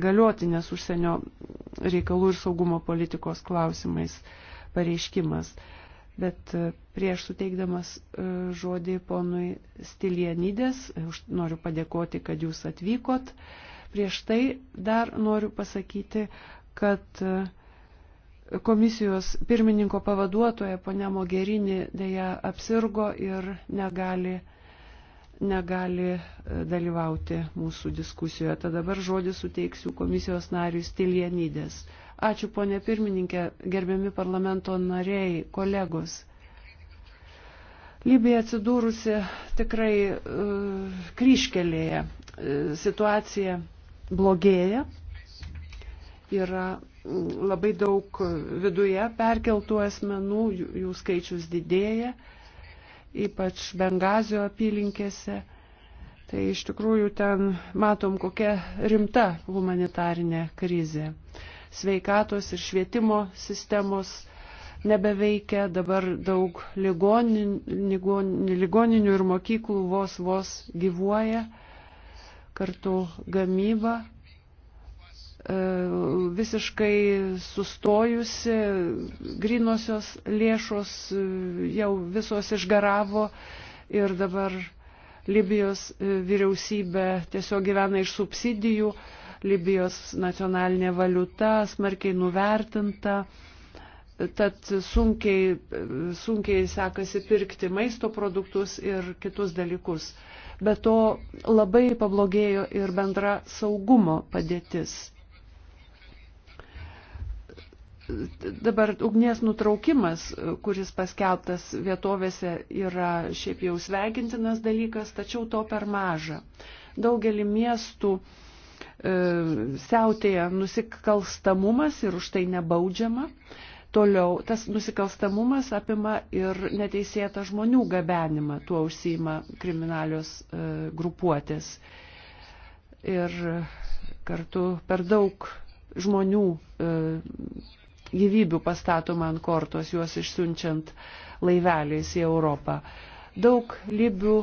galiotinės užsienio reikalų ir saugumo politikos klausimais pareiškimas. Bet e, prieš suteikdamas e, žodį ponui Stilienydės, e, noriu padėkoti, kad jūs atvykot. Prieš tai dar noriu pasakyti, kad komisijos pirmininko pavaduotoja ponia Mogerini dėja apsirgo ir negali negali e, dalyvauti mūsų diskusijoje. Tad dabar žodį suteiksiu komisijos nariui Stilienydės. Ačiū, ponė pirmininkė, gerbiami parlamento nariai, kolegos. Libija atsidūrusi tikrai uh, e, kryškelėje. E, situacija blogėja. Yra labai daug viduje perkeltų asmenų, jų skaičius didėja. Uh, ypač Bengazio apylinkėse. Tai iš tikrųjų ten matom, kokia rimta humanitarinė krizė. Sveikatos ir švietimo sistemos nebeveikia, dabar daug ligonin, ligon, ligoninių ir mokyklų vos vos gyvuoja, kartu gamyba E, visiškai sustojusi, grinosios lėšos e, jau visos išgaravo ir dabar Libijos e, vyriausybė tiesiog gyvena iš subsidijų, Libijos nacionalinė valiuta smarkiai nuvertinta, tad sunkiai, sunkiai sekasi pirkti maisto produktus ir kitus dalykus. Be to labai pablogėjo ir bendra saugumo padėtis dabar ugnies nutraukimas, kuris paskelbtas vietovėse, yra šiaip jau sveikintinas dalykas, tačiau to per maža. Daugelį miestų e, siautėja nusikalstamumas ir už tai nebaudžiama. Toliau tas nusikalstamumas apima ir neteisėtą žmonių gabenimą, tuo užsima kriminalios e, grupuotės. Ir kartu per daug žmonių e, gyvybių pastatoma ant kortos, juos išsiunčiant laiveliais į Europą. Daug Libių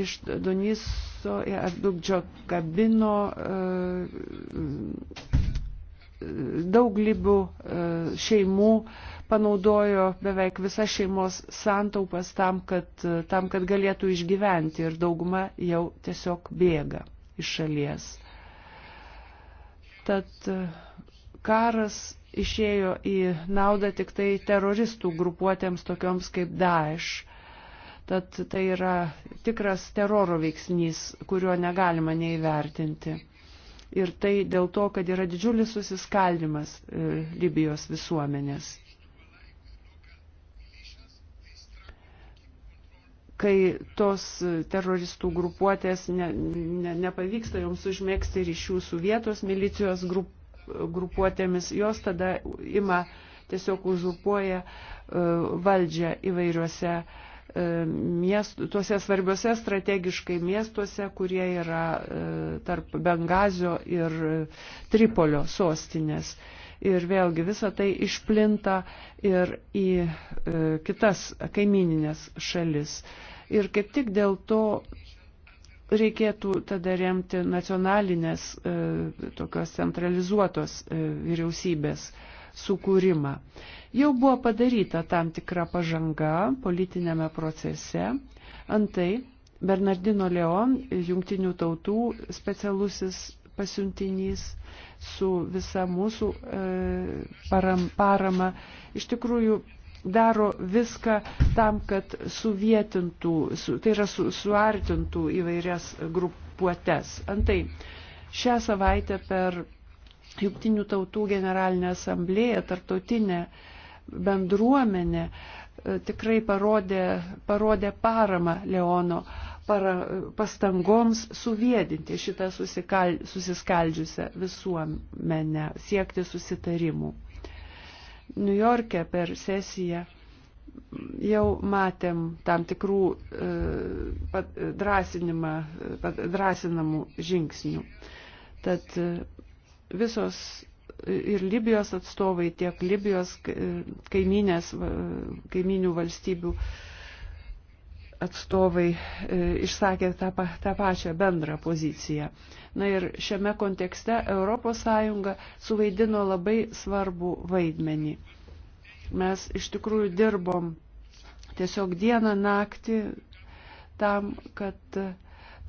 iš Doniso ir Abdukdžio kabino, e, daug Libių e, šeimų panaudojo beveik visas šeimos santaupas tam kad, e, tam, kad galėtų išgyventi ir dauguma jau tiesiog bėga iš šalies. Tad karas išėjo į naudą tik tai teroristų grupuotėms tokioms kaip Daesh. Tad tai yra tikras teroro veiksnys, kurio negalima neįvertinti. Ir tai dėl to, kad yra didžiulis susiskaldimas e, Libijos visuomenės. kai tos teroristų grupuotės ne, ne, nepavyksta joms užmėgsti ryšių su vietos milicijos grup, grupuotėmis, jos tada ima tiesiog užupuoja e, valdžią įvairiuose e, miestu, tuose svarbiuose strategiškai miestuose, kurie yra e, tarp Bengazio ir Tripolio sostinės. Ir vėlgi visa tai išplinta ir į kitas kaimininės šalis. Ir kaip tik dėl to reikėtų tada remti nacionalinės e, tokios centralizuotos e, vyriausybės sukūrimą. Jau buvo padaryta tam tikra pažanga politinėme procese. Antai Bernardino Leon, jungtinių tautų specialusis pasiuntinys su visa mūsų e, param, parama, iš tikrųjų daro viską tam, kad suvietintų, su, tai yra su, suartintų įvairias grupuotės. Antai, šią savaitę per Jungtinių tautų generalinę asamblėją, tarptautinę bendruomenę e, tikrai parodė, parodė paramą Leono para, pastangoms suviedinti šitą susiskaldžiusią visuomenę, siekti susitarimų. Niujorke per sesiją jau matėm tam tikrų e, drąsinimą, drąsinamų žingsnių. Tad e, visos ir Libijos atstovai, tiek Libijos e, kaiminės, kaiminių valstybių atstovai e, išsakė tą, tą pačią bendrą poziciją. Na ir šiame kontekste ES suvaidino labai svarbų vaidmenį. Mes iš tikrųjų dirbom tiesiog dieną naktį tam, kad,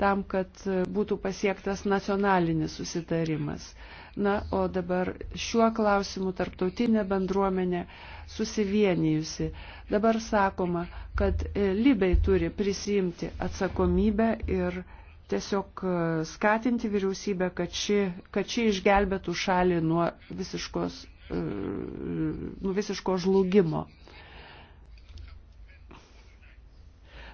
tam, kad būtų pasiektas nacionalinis susitarimas. Na, o dabar šiuo klausimu tarptautinė bendruomenė uh, susivienijusi. Dabar sakoma, kad e, Libiai turi prisijimti atsakomybę ir tiesiog e, skatinti vyriausybę, kad ši, kad ši išgelbėtų šalį nuo visiškos, e, nuo visiško žlugimo.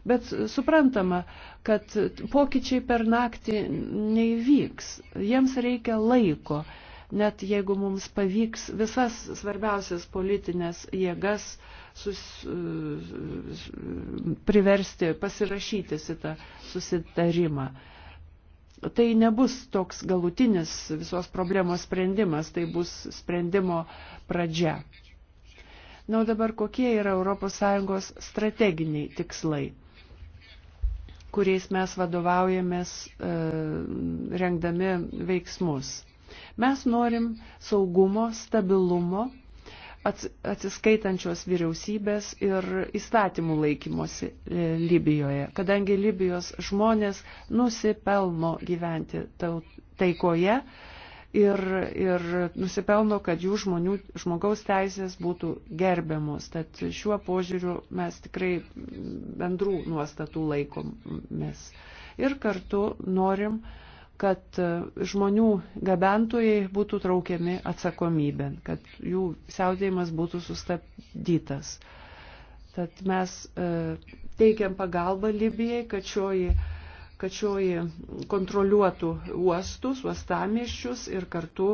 Bet suprantama, kad pokyčiai per naktį neįvyks, jiems reikia laiko net jeigu mums pavyks visas svarbiausias politinės jėgas sus, e, priversti pasirašyti šitą susitarimą. Tai nebus toks galutinis visos problemos sprendimas, tai bus sprendimo pradžia. Na, o dabar kokie yra ES strateginiai tikslai? kuriais mes vadovaujamės e, rengdami veiksmus. Mes norim saugumo, stabilumo, atsiskaitančios vyriausybės ir įstatymų laikymosi e, Libijoje, kadangi Libijos žmonės nusipelno gyventi taikoje ir, ir nusipelno, kad jų žmonių, žmogaus teisės būtų gerbiamos. Tad šiuo požiūriu mes tikrai bendrų nuostatų laikomės. Ir kartu norim uh, kad e, žmonių gabentojai būtų traukiami atsakomybė, kad jų siautėjimas būtų sustabdytas. Tad mes e, teikiam pagalbą Libijai, kad šioji kad šioji kontroliuotų uostus, uostamiščius ir kartu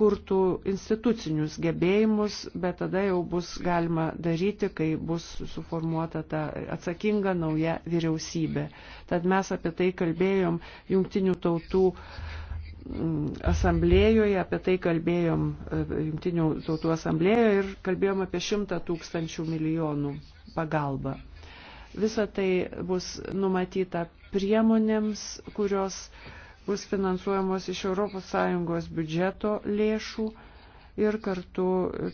kurtų institucinius gebėjimus, bet tada jau bus galima daryti, kai bus suformuota ta atsakinga nauja vyriausybė. Tad mes apie tai kalbėjom jungtinių tautų mm, asamblėjoje, apie tai kalbėjom, e, jungtinių tautų asamblėjoje ir kalbėjom apie 100 tūkstančių milijonų pagalbą. Visa tai bus numatyta priemonėms, kurios bus finansuojamos iš ES biudžeto lėšų ir kartu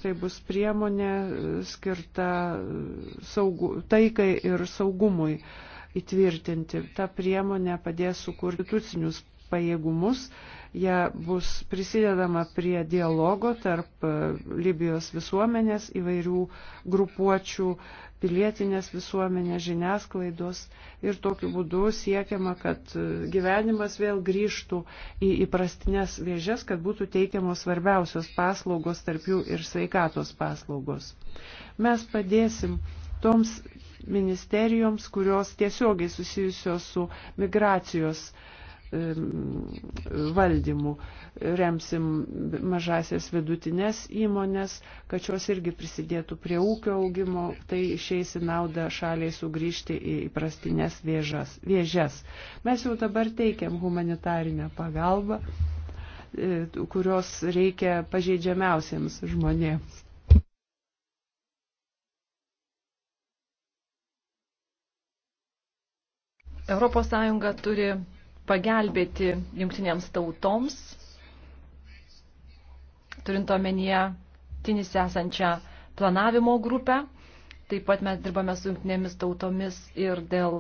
tai bus priemonė skirta saugu, taikai ir saugumui įtvirtinti. Ta priemonė padės sukurti institucinius pajėgumus, jie bus prisidedama prie dialogo tarp Libijos visuomenės įvairių grupuočių pilietinės visuomenės, žiniasklaidos ir tokiu būdu siekiama, kad e, gyvenimas vėl grįžtų į įprastinės vėžes, kad būtų teikiamos svarbiausios paslaugos, tarp jų ir sveikatos paslaugos. Mes padėsim toms ministerijoms, kurios tiesiogiai susijusios su migracijos uh, valdymu. Remsim mažasias vidutinės įmonės, kad šios irgi prisidėtų prie ūkio augimo, tai išeis į naudą šaliai sugrįžti į įprastinės vėžas, vėžes. Mes jau dabar teikiam humanitarinę pagalbą, e, kurios reikia pažeidžiamiausiems žmonėms. ES turi pagelbėti jungtinėms tautoms, turint omenyje tinis esančią planavimo grupę. Taip pat mes dirbame su jungtinėmis tautomis ir dėl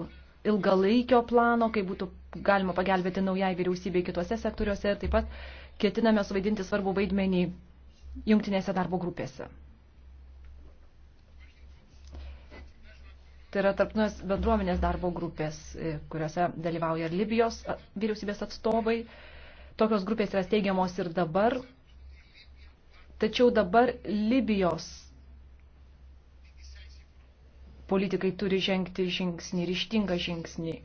ilgalaikio plano, kaip būtų galima pagelbėti naujai vyriausybei kitose sektoriuose ir taip pat ketiname suvaidinti svarbų vaidmenį jungtinėse darbo grupėse. Tai yra tarptautinės bendruomenės darbo grupės, e, kuriuose dalyvauja ir Libijos vyriausybės atstovai. Tokios grupės yra steigiamos ir dabar. Tačiau dabar Libijos politikai turi žengti žingsnį, ryštingą žingsnį.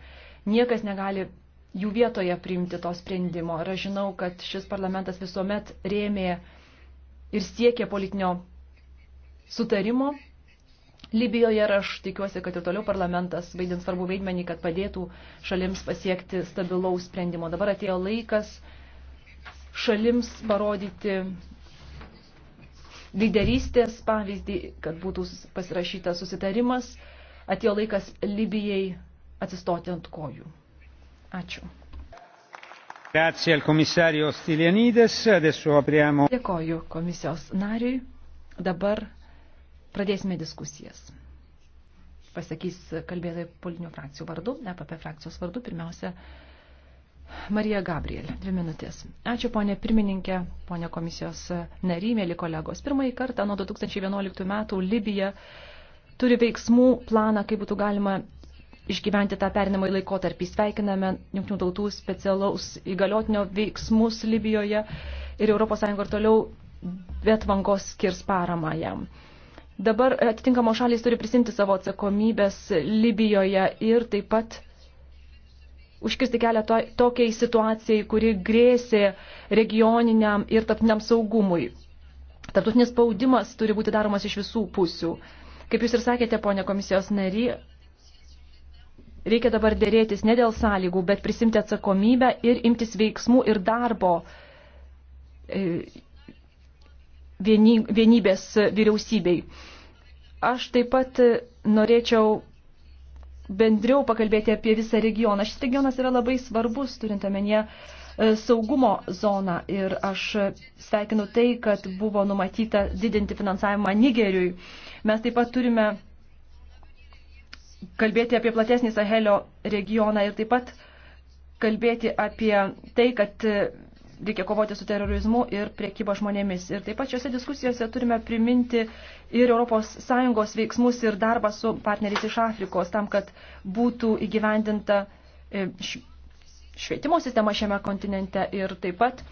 Niekas negali jų vietoje priimti to sprendimo. Ir aš žinau, kad šis parlamentas visuomet rėmė ir siekė politinio sutarimo Libijoje ir aš tikiuosi, kad ir toliau parlamentas vaidins svarbu vaidmenį, kad padėtų šalims pasiekti stabilaus sprendimo. Dabar atėjo laikas šalims parodyti lyderystės pavyzdį, kad būtų pasirašytas susitarimas. Atėjo laikas Libijai atsistoti ant kojų. Ačiū. Dėkoju komisijos nariui. Dabar Pradėsime diskusijas. Pasakys kalbėtojai politinių frakcijų vardu, EPP frakcijos vardu. Pirmiausia, Marija Gabriel, dvi minutės. Ačiū, ponė pirmininkė, ponė komisijos nary, mėly kolegos. Pirmąjį kartą nuo 2011 metų Libija turi veiksmų planą, kaip būtų galima išgyventi tą perinamą laikotarpį. Sveikiname Junktinių tautų specialaus įgaliotinio veiksmus Libijoje ir ES ir toliau bet vangos skirs paramą jam. Dabar atitinkamos šalys turi prisimti savo atsakomybės Libijoje ir taip pat užkirsti kelią to, tokiai situacijai, kuri grėsė regioniniam ir tarptiniam saugumui. Tartutinis spaudimas turi būti daromas iš visų pusių. Kaip jūs ir sakėte, ponė komisijos nary, reikia dabar dėrėtis ne dėl sąlygų, bet prisimti atsakomybę ir imtis veiksmų ir darbo e, vieny, vienybės vyriausybei. Aš taip pat norėčiau bendriau pakalbėti apie visą regioną. Šis regionas yra labai svarbus, turint omenyje e, saugumo zoną ir aš sveikinu tai, kad buvo numatyta didinti finansavimą Nigeriui. Mes taip pat turime kalbėti apie platesnį Sahelio regioną ir taip pat kalbėti apie tai, kad reikia kovoti su terorizmu ir priekyba žmonėmis. Ir taip pat šiuose diskusijose turime priminti ir ES veiksmus ir darbą su partneriais iš Afrikos, tam, kad būtų įgyvendinta e, švietimo sistema šiame kontinente ir taip pat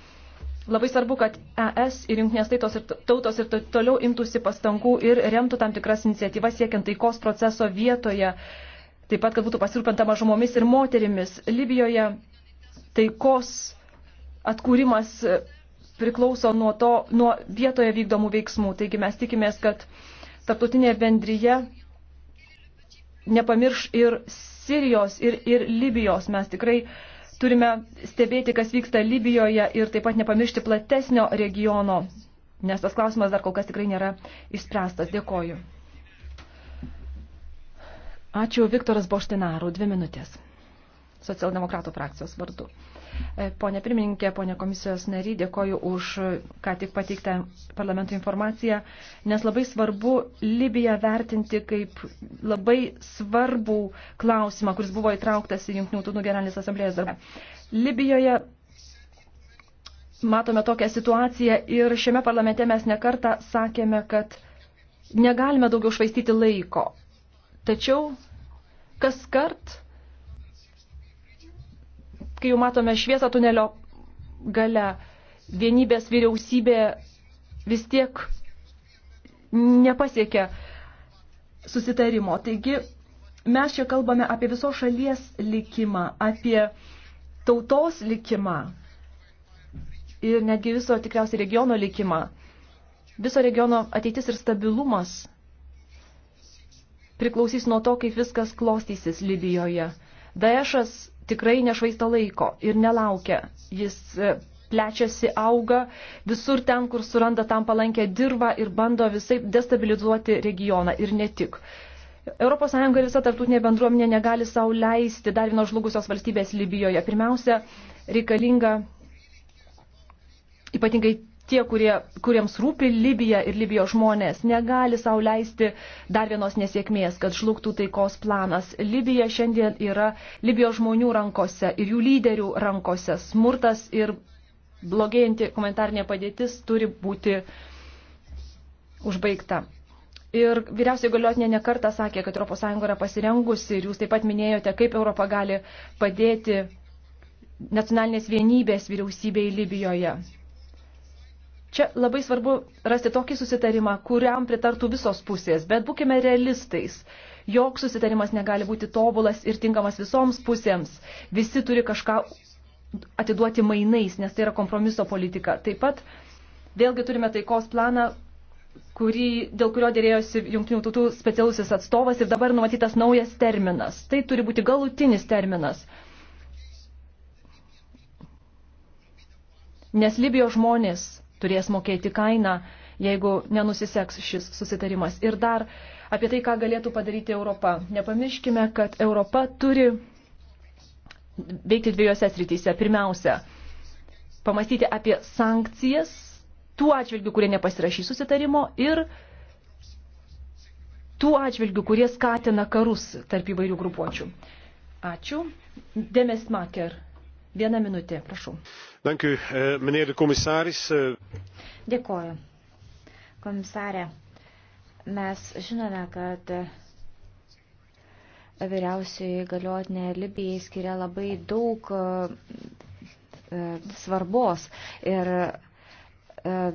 Labai svarbu, kad ES ir jungtinės tautos ir, tautos ir toliau imtųsi pastangų ir remtų tam tikras iniciatyvas siekiant taikos proceso vietoje, taip pat, kad būtų pasirūpinta mažumomis ir moterimis. Libijoje taikos atkūrimas priklauso nuo, to, nuo vietoje vykdomų veiksmų. Taigi mes tikimės, kad tarptautinė bendryje nepamirš ir Sirijos, ir, ir Libijos. Mes tikrai turime stebėti, kas vyksta Libijoje ir taip pat nepamiršti platesnio regiono, nes tas klausimas dar kol kas tikrai nėra išspręstas. Dėkoju. Ačiū Viktoras Boštinaru, dvi minutės. Socialdemokratų frakcijos vardu. E, pone pirmininkė, pone komisijos nary, dėkoju už e, ką tik pateiktą parlamento informaciją, nes labai svarbu Libiją vertinti kaip labai svarbų klausimą, kuris buvo įtrauktas į Junktinių tautų generalinės asamblėjos darbą. Libijoje matome tokią situaciją ir šiame parlamente mes nekartą sakėme, kad negalime daugiau švaistyti laiko. Tačiau kas kart kai jau matome šviesą tunelio gale, vienybės vyriausybė vis tiek nepasiekia susitarimo. Taigi mes čia kalbame apie visos šalies likimą, apie tautos likimą ir netgi viso tikriausiai regiono likimą. Viso regiono ateitis ir stabilumas priklausys nuo to, kaip viskas klostysis Libijoje. Daešas tikrai nešvaisto laiko ir nelaukia. Jis e, plečiasi, auga visur ten, kur suranda tam palankę dirbą ir bando visai destabilizuoti regioną ir ne tik. ES ir visa tarptautinė bendruomenė negali sau leisti dar vienos žlugusios valstybės Libijoje. Pirmiausia, reikalinga ypatingai tie, kurie, kuriems rūpi Libija ir Libijos žmonės, negali sau leisti dar vienos nesėkmės, kad žlugtų taikos planas. Libija šiandien yra Libijos žmonių rankose ir jų lyderių rankose. Smurtas ir blogėjanti komentarnė padėtis turi būti užbaigta. Ir vyriausiai galiotinė nekarta sakė, kad ES yra pasirengusi ir jūs taip pat minėjote, kaip Europa gali padėti nacionalinės vienybės vyriausybei Libijoje. Čia labai svarbu rasti tokį susitarimą, kuriam pritartų visos pusės, bet būkime realistais. Joks susitarimas negali būti tobulas ir tinkamas visoms pusėms. Visi turi kažką atiduoti mainais, nes tai yra kompromiso politika. Taip pat vėlgi turime taikos planą, kurį, dėl kurio dėrėjosi jungtinių tautų specialusis atstovas ir dabar numatytas naujas terminas. Tai turi būti galutinis terminas. Nes Libijos žmonės turės mokėti kainą, jeigu nenusiseks šis susitarimas. Ir dar apie tai, ką galėtų padaryti Europa. Nepamirškime, kad Europa turi veikti dviejose srityse. Pirmiausia, pamastyti apie sankcijas tų atžvilgių, kurie nepasirašys susitarimo ir tų atžvilgių, kurie skatina karus tarp įvairių grupuočių. Ačiū. Demes Maker. Viena minutė, prašau. Dankiu, eh, minėjai komisaris. Eh. Dėkoju. Komisarė, mes žinome, kad eh, vyriausiai galiotinė Libijai skiria labai daug svarbos ir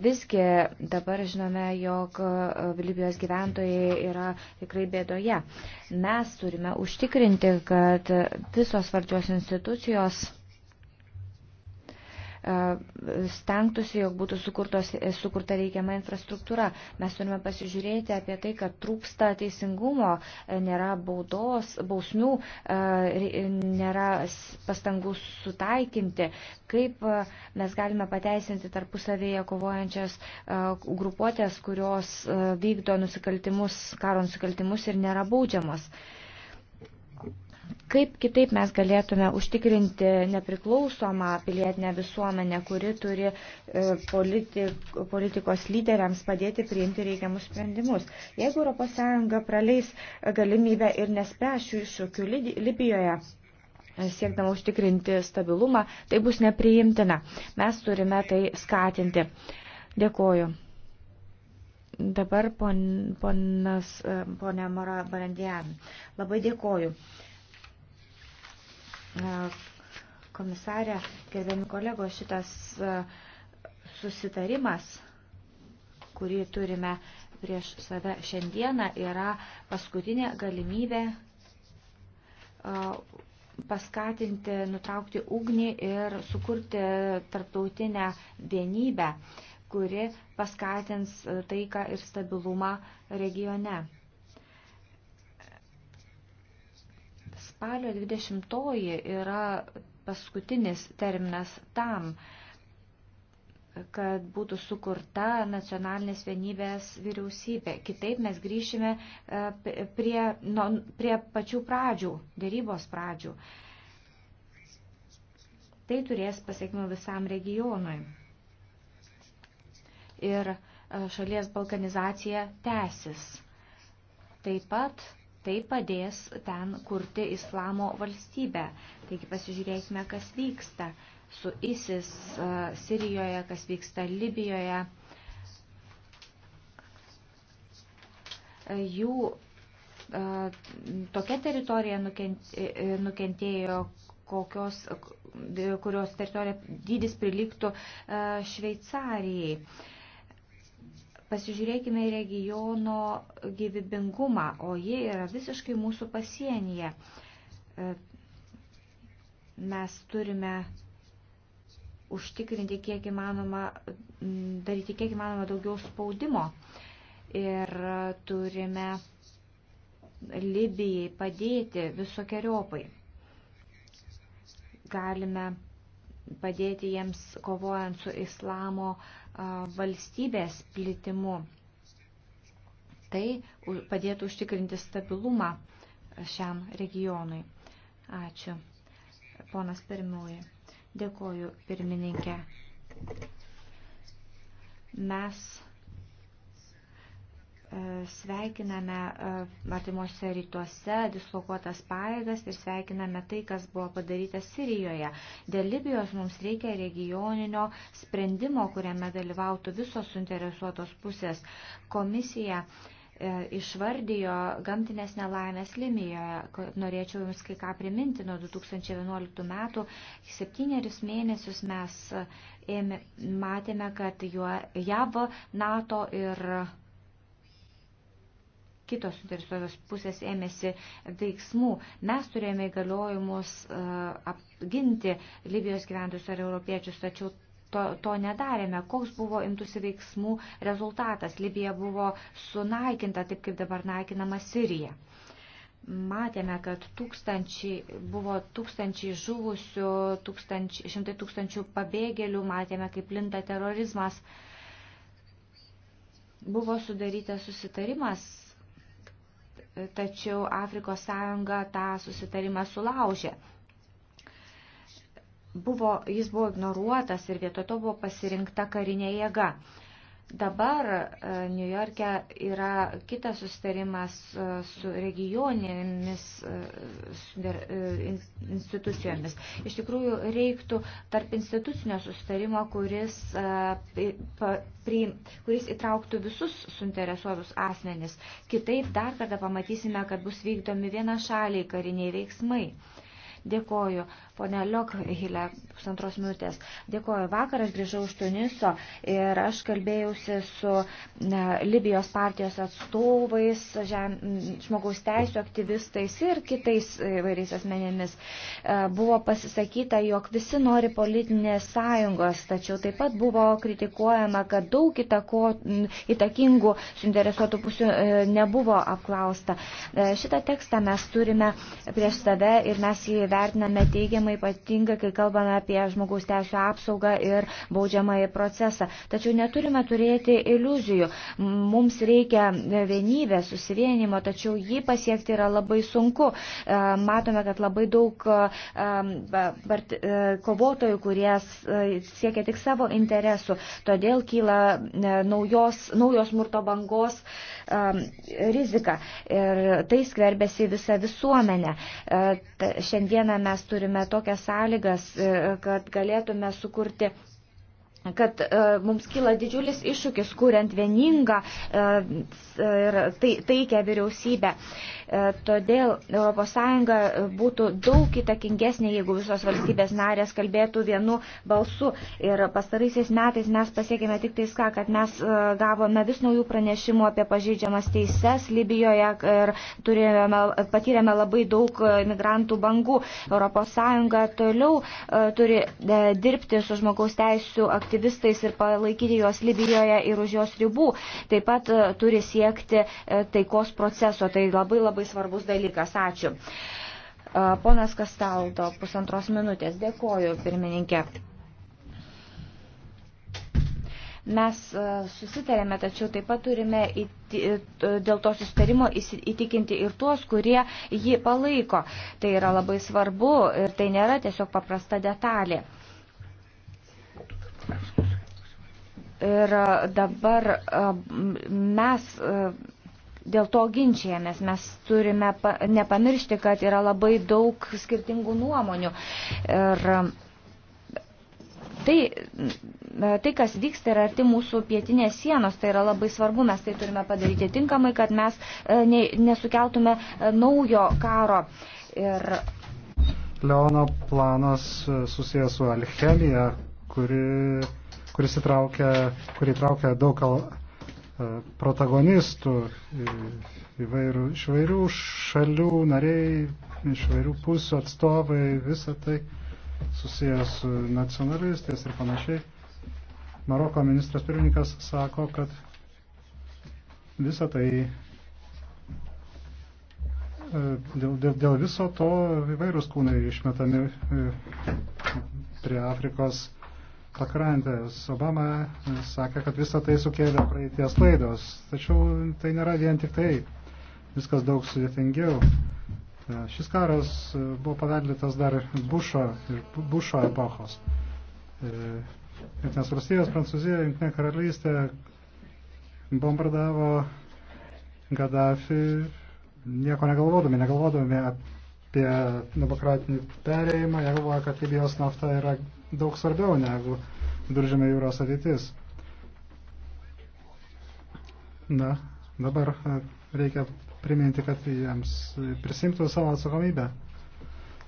visgi dabar žinome, jog Libijos gyventojai yra tikrai bėdoje. Mes turime užtikrinti, kad visos valdžios institucijos E, stengtųsi, jog būtų sukurtos, e, sukurta reikiama infrastruktūra. Mes turime pasižiūrėti apie tai, kad trūksta teisingumo, e, nėra baudos, bausmių, nėra pastangų sutaikinti. Kaip mes galime pateisinti tarpusavėje kovojančias grupuotės, kurios vykdo nusikaltimus, karo nusikaltimus ir nėra baudžiamas. Kaip kitaip mes galėtume užtikrinti nepriklausomą pilietinę visuomenę, kuri turi e, politik, politikos lyderiams padėti priimti reikiamus sprendimus? Jeigu ES praleis galimybę ir nespręšių iššūkių Libijoje, e, siekdama užtikrinti stabilumą, tai bus nepriimtina. Mes turime tai skatinti. Dėkuoju. Dabar pon, ponas, e, ponė Mara Barandian. Labai dėkuoju. E, komisarė, gerbiami kolegos, šitas e, susitarimas, kurį turime prieš save šiandieną, yra paskutinė galimybė e, paskatinti, nutraukti ugnį ir sukurti tarptautinę vienybę, kuri paskatins taiką ir stabilumą regione. Spalio 20 yra paskutinis terminas tam, kad būtų sukurta nacionalinės vienybės vyriausybė. Kitaip mes grįšime e, prie, no, prie pačių pradžių, dėrybos pradžių. Tai turės pasiekmių visam regionui. Ir e, šalies balkanizacija tęsis. Taip pat tai padės ten kurti islamo valstybę. Taigi pasižiūrėkime, kas vyksta su ISIS e, Sirijoje, kas vyksta Libijoje. E, jų e, tokia teritorija nukentėjo, kokios, kurios teritorija dydis priliktų Šveicarijai. Pasižiūrėkime į regiono gyvybingumą, o jie yra visiškai mūsų pasienyje. E, mes turime užtikrinti kiek įmanoma, daryti kiek įmanoma daugiau spaudimo. Ir turime Libijai padėti visokiojopai. Galime padėti jiems kovojant su islamo valstybės plitimu. Tai padėtų užtikrinti stabilumą šiam regionui. Ačiū. Ponas Pirmiauji. Dėkoju, pirmininkė. Mes E, sveikiname e, artimuose rytuose dislokuotas paėgas ir sveikiname tai, kas buvo padaryta Sirijoje. Dėl Libijos mums reikia regioninio sprendimo, kuriame dalyvautų visos suinteresuotos pusės. Komisija e, išvardijo gamtinės nelaimės limijoje. Norėčiau Jums kai ką priminti, nuo 2011 metų septynerius mėnesius mes ėmė, matėme, kad juo, JAV, NATO ir kitos suinteresuotos pusės ėmėsi veiksmų. Mes turėjome įgaliojimus e, apginti Libijos gyventojus ar europiečius, tačiau to, to nedarėme. Koks buvo imtusi veiksmų rezultatas? Libija buvo sunaikinta taip, kaip dabar naikinama Sirija. Matėme, kad tūkstančiai, buvo tūkstančiai žuvusių, tūkstančiai, šimtai tūkstančių pabėgėlių, matėme, kaip plinta terorizmas. Buvo sudarytas susitarimas tačiau Afrikos sąjunga tą susitarimą sulaužė. Buvo, jis buvo ignoruotas ir vieto to buvo pasirinkta karinė jėga. E, Dabar e, New York'e yra kitas sustarimas e, su regioninėmis e, institucijomis. Iš tikrųjų, reiktų tarp institucinio sustarimo, kuris, kuris įtrauktų visus suinteresuotus asmenis. Kitaip dar kartą pamatysime, kad bus vykdomi viena šaliai kariniai veiksmai. Dėkoju, ponė Liok Hilė, pusantros minutės. Dėkoju, vakar aš grįžau iš Tuniso ir aš kalbėjausi su ne, Libijos partijos atstovais, žem, žmogaus teisų aktyvistais ir kitais įvairiais asmenėmis. E, buvo pasisakyta, jog visi nori politinės sąjungos, tačiau taip pat buvo kritikuojama, kad daug įtako, įtakingų suinteresuotų pusių e, nebuvo apklausta. E, šitą tekstą mes turime prieš save ir mes jį vertiname teigiamai, ypatingai, kai kalbame apie žmogaus teisų apsaugą ir baudžiamąjį procesą. Tačiau neturime turėti iliuzijų. Mums reikia vienybės, susivienimo, tačiau jį pasiekti yra labai sunku. E, matome, kad labai daug e, e, kovotojų, kurie siekia tik savo interesų. Todėl kyla naujos, naujos smurto bangos rizika. Ir tai skverbėsi visą visuomenę. Šiandien šiandieną mes turime tokias sąlygas, e, kad galėtume sukurti kad e, mums kyla didžiulis iššūkis, kuriant vieningą e, ir tai, taikę vyriausybę. E, todėl ES būtų daug įtakingesnė, jeigu visos valstybės narės kalbėtų vienu balsu. Ir pastaraisiais metais mes pasiekėme tik tais ką, kad mes e, gavome vis naujų pranešimų apie pažeidžiamas teises Libijoje ir turėjome, patyrėme labai daug e, migrantų bangų. ES toliau e, turi e, dirbti su žmogaus teisų aktyvumu aktyvistais ir palaikyti juos Libijoje ir už jos ribų. Taip pat e, turi siekti e, taikos proceso. Tai labai labai svarbus dalykas. Ačiū. E, ponas Kastaldo, pusantros minutės. Dėkoju, pirmininkė. Mes susitarėme, tačiau taip pat turime dėl to susitarimo įtikinti ir tuos, kurie jį palaiko. Tai yra labai svarbu ir tai nėra tiesiog paprasta detalė. Ir e, dabar e, mes e, dėl to ginčijamės. Mes turime nepamiršti, kad yra labai daug skirtingų nuomonių. Ir tai, tai, kas vyksta, yra arti mūsų pietinės sienos. Tai yra labai svarbu. Mes tai turime padaryti tinkamai, kad mes nesukeltume naujo karo. Ir Leono planas susijęs su Alchelija, kuri, kuris įtraukia, kuri įtraukia daug e, protagonistų įvairių, iš vairių šalių nariai, iš vairių pusių atstovai, visą tai susijęs su nacionalistais ir panašiai. Maroko ministras pirmininkas sako, kad visą tai e, dėl, dėl, dėl viso to įvairūs kūnai išmetami e, prie Afrikos Prakrantės Obama e, sakė, kad visą tai sukėlė praeities laidos, tačiau tai nėra vien tik tai, viskas daug sudėtingiau. E, šis karas e, buvo paveldėtas dar Bušo, Bušo epochos. Jungtinės valstijos, Prancūzija, Jungtinė karalystė bombardavo Gaddafi nieko negalvodami, negalvodami apie demokratinį perėjimą, jie galvoja, kad Libijos nafta yra daug svarbiau negu viduržėmė jūros ateitis. Na, dabar e, reikia priminti, kad jiems prisimtų savo atsakomybę.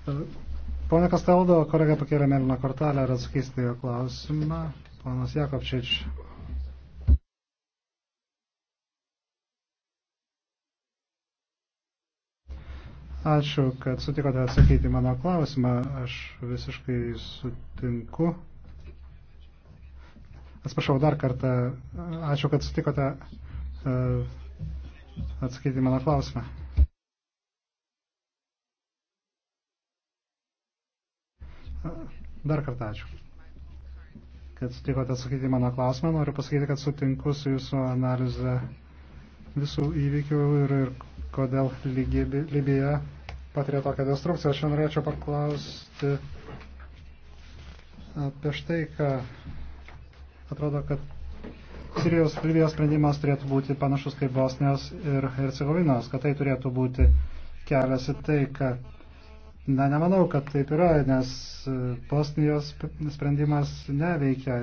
E, pone Kastaldo, kolega pakėlė mėlyną kortelę ir atsakysite jo klausimą. Ponas Jakobčič, Ačiū, kad sutikote atsakyti mano klausimą. Aš visiškai sutinku. Atsiprašau dar kartą. Ačiū, kad sutikote e, atsakyti mano klausimą. Dar kartą ačiū, kad sutikote atsakyti mano klausimą. Noriu pasakyti, kad sutinku su jūsų analize visų įvykių ir, ir kodėl Libija patiria tokią destrukciją. Aš norėčiau paklausti apie štai, ką atrodo, kad Sirijos Libijos sprendimas turėtų būti panašus kaip Bosnijos ir Hercegovinos, kad tai turėtų būti kelias į tai, kad na, nemanau, kad taip yra, nes Bosnijos sprendimas neveikia,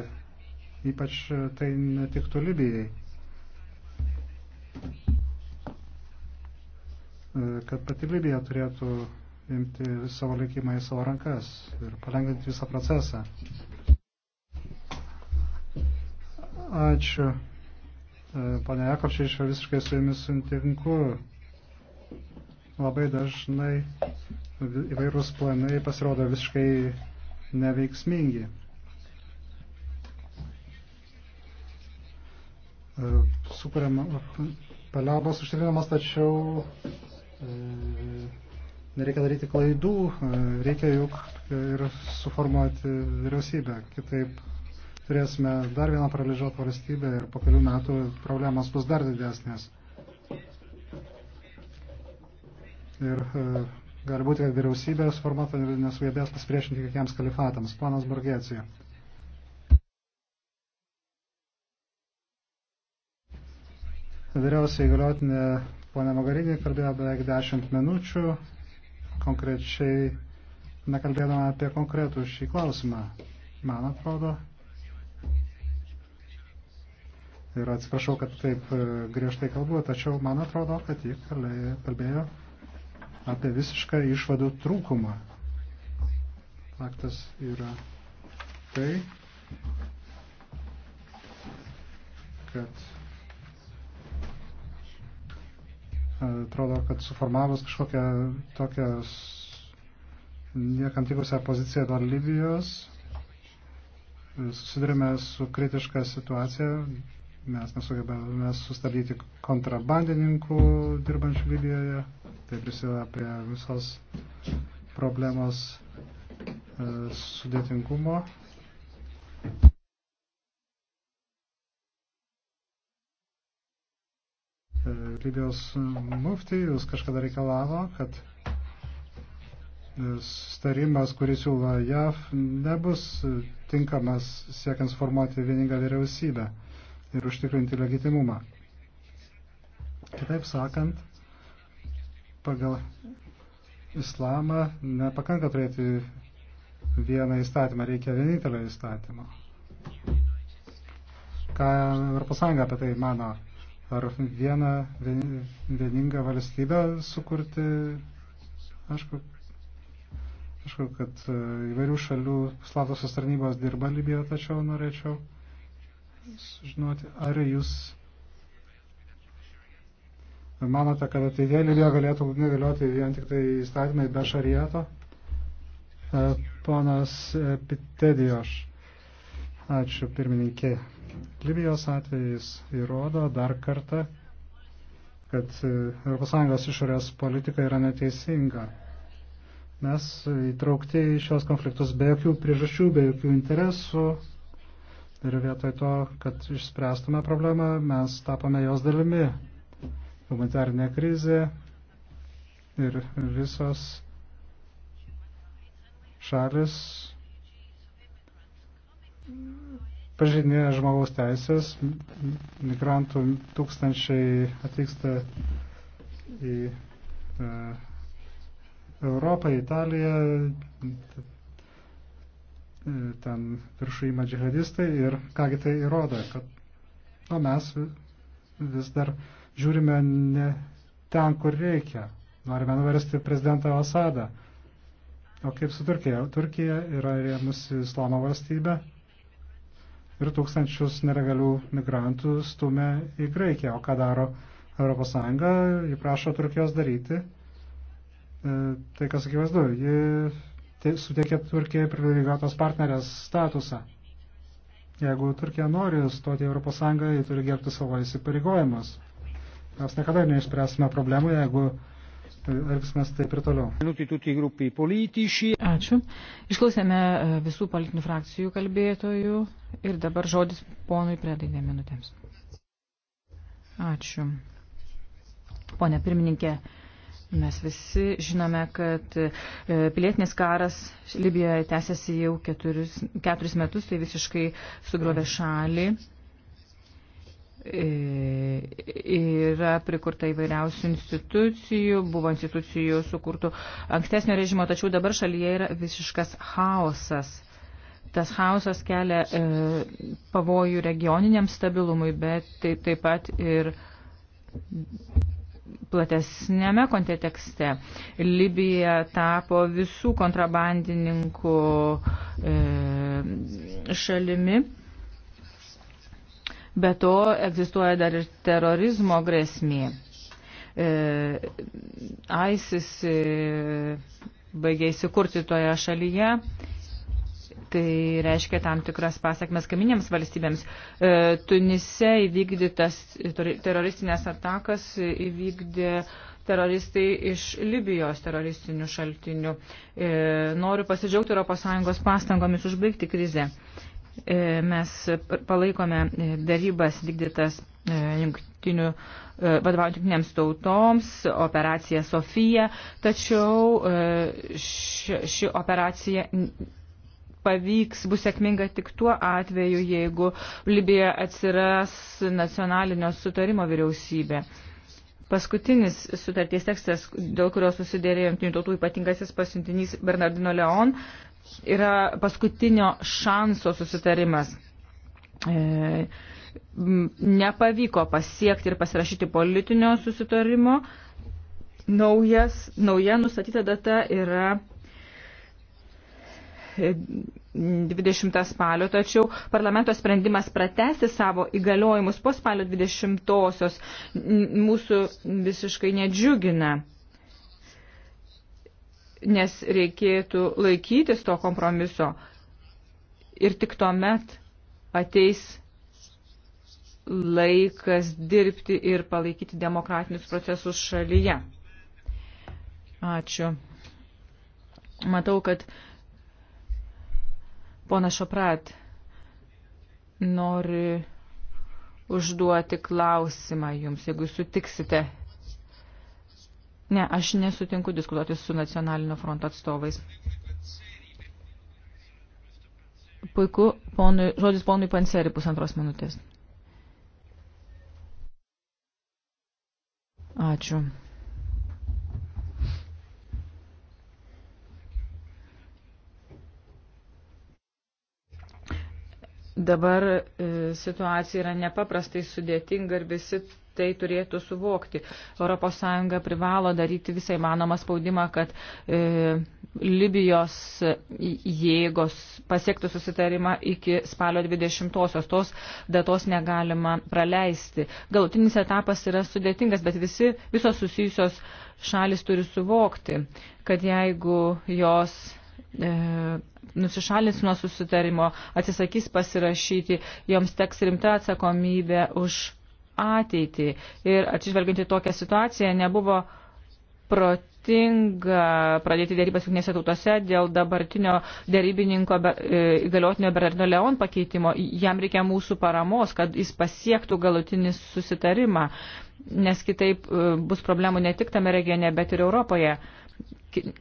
ypač tai netiktų Libijai. kad pati Libija turėtų imti savo likimą į savo rankas ir palengvinti visą procesą. Ačiū. E, Pane Jakovčiai, aš visiškai su jumis sutinku. Labai dažnai įvairūs planai pasirodo visiškai neveiksmingi. E, Sukuriam paliaubos užtikrinamas, tačiau E, nereikia daryti klaidų, e, reikia juk ir suformuoti vyriausybę. Kitaip turėsime dar vieną paralyžiuotą valstybę ir po kelių metų problemas bus dar didesnės. Ir e, gali būti, kad vyriausybė suformuota nesugebės pasipriešinti kokiems kalifatams. Planas Bargėcija. Vyriausiai galiotinė Pone Magarinė kalbėjo beveik 10 minučių, konkrečiai nekalbėdama apie konkretų šį klausimą. Man atrodo. Ir atsiprašau, kad taip e, griežtai kalbu, tačiau man atrodo, kad ji kalbėjo apie visišką išvadų trūkumą. Faktas yra tai, kad atrodo, kad suformavus kažkokią tokią niekam tikusią poziciją dar Libijos, susidurime su kritiška situacija, mes nesugebėjome sustabdyti kontrabandininkų dirbančių Libijoje, tai prisideda prie visos problemos e, sudėtingumo Libijos muftijus kažkada reikalavo, kad e, starimas, kurį siūlo JAV, nebus e, tinkamas siekiant formuoti vieningą vyriausybę ir užtikrinti legitimumą. Kitaip sakant, pagal islamą nepakanka turėti vieną įstatymą, reikia vienintelio įstatymo. Ką Europos Sąjunga apie tai mano? ar vieną vieningą valstybę sukurti. Aišku, aišku kad e, įvairių šalių slaptosios tarnybos dirba Libijoje, tačiau norėčiau sužinoti, ar jūs manote, kad ateitie Libija galėtų nevilioti vien tik tai įstatymai be šarieto? E, ponas e, Pitedijoš. Ačiū pirmininkė. Libijos atvejais įrodo dar kartą, kad ES išorės politika yra neteisinga. Mes įtraukti į šios konfliktus be jokių priežasčių, be jokių interesų ir vietoj to, kad išspręstume problemą, mes tapome jos dalimi. Humanitarinė krizė ir visos šalis pažeidinėja žmogaus teisės, migrantų tūkstančiai atvyksta į e, Europą, Italiją, e, ten viršų įma džihadistai ir kągi tai įrodo, kad o nu, mes vis dar žiūrime ne ten, kur reikia. Norime nuversti prezidentą Asadą. O kaip su Turkija? Turkija yra rėmusi islamo valstybė ir tūkstančius nelegalių migrantų stumia į Graikiją. O ką daro ES? Ji prašo Turkijos daryti. E, tai kas akivaizdu, ji suteikia Turkijai privilegijuotos partnerės statusą. Jeigu Turkija nori stoti į ES, ji turi gerbti savo įsipareigojimus. Mes niekada neišspręsime problemų, jeigu elgsimės taip ir toliau. Ačiū. Išklausėme e, visų politinių frakcijų kalbėtojų ir dabar žodis ponui priedai dviem minutėms. Ačiū. Pone pirmininkė, mes visi žinome, kad e, pilietinis karas Libijoje tęsiasi jau keturis, keturis metus, tai visiškai sugrovė šalį. E, yra prikurta įvairiausių institucijų, buvo institucijų sukurtų ankstesnio režimo, tačiau dabar šalyje yra visiškas chaosas. Tas chaosas kelia e, pavojų regioniniam stabilumui, bet tai taip pat ir platesnėme kontekste. Libija tapo visų kontrabandininkų e, šalimi Be to egzistuoja dar ir terorizmo grėsmė. E, ISIS e, baigė įsikurti toje šalyje. Tai reiškia tam tikras pasakmes kaiminėms valstybėms. E, Tunise įvykdytas teroristinės atakas įvykdė teroristai iš Libijos teroristinių šaltinių. E, noriu pasidžiaugti ES pastangomis užbaigti krizę. E, E, mes palaikome e, darybas vykdytas e, jungtinių vadovaujant jungtinėms tautoms, operacija Sofija, tačiau ši, ši operacija pavyks, bus sėkminga tik tuo atveju, jeigu Libija atsiras nacionalinio sutarimo vyriausybė. Paskutinis sutarties tekstas, dėl kurio susidėrėjo jungtinių tautų ypatingasis pasiuntinys Bernardino Leon, yra paskutinio šanso susitarimas. E, nepavyko pasiekti ir pasirašyti politinio susitarimo. Naujas, nauja nustatyta data yra 20 e, spalio, tačiau parlamento sprendimas pratesti savo įgaliojimus po spalio 20-osios mūsų visiškai nedžiugina nes reikėtų laikytis to kompromiso ir tik tuomet ateis laikas dirbti ir palaikyti demokratinius procesus šalyje. Ačiū. Matau, kad pona Šoprat nori užduoti klausimą jums, jeigu sutiksite. Ne, aš nesutinku diskutuoti su nacionalinio fronto atstovais. Puiku, ponui, žodis ponui Panseri pusantros minutės. Ačiū. Dabar e, situacija yra nepaprastai sudėtinga ir visi tai turėtų suvokti. ES privalo daryti visai manomą spaudimą, kad e, Libijos jėgos pasiektų susitarimą iki spalio 20-osios. Tos datos negalima praleisti. Galutinis etapas yra sudėtingas, bet visi, visos susijusios šalis turi suvokti, kad jeigu jos e, nusišalins nuo susitarimo, atsisakys pasirašyti, joms teks rimta atsakomybė už ateitį. Ir atsižvelgiant į tokią situaciją, nebuvo protinga pradėti dėrybas jungtinėse tautose dėl dabartinio dėrybininko e, įgaliotinio Bernardo Leon pakeitimo. Jam reikia mūsų paramos, kad jis pasiektų galutinį susitarimą, nes kitaip e, bus problemų ne tik tame regione, bet ir Europoje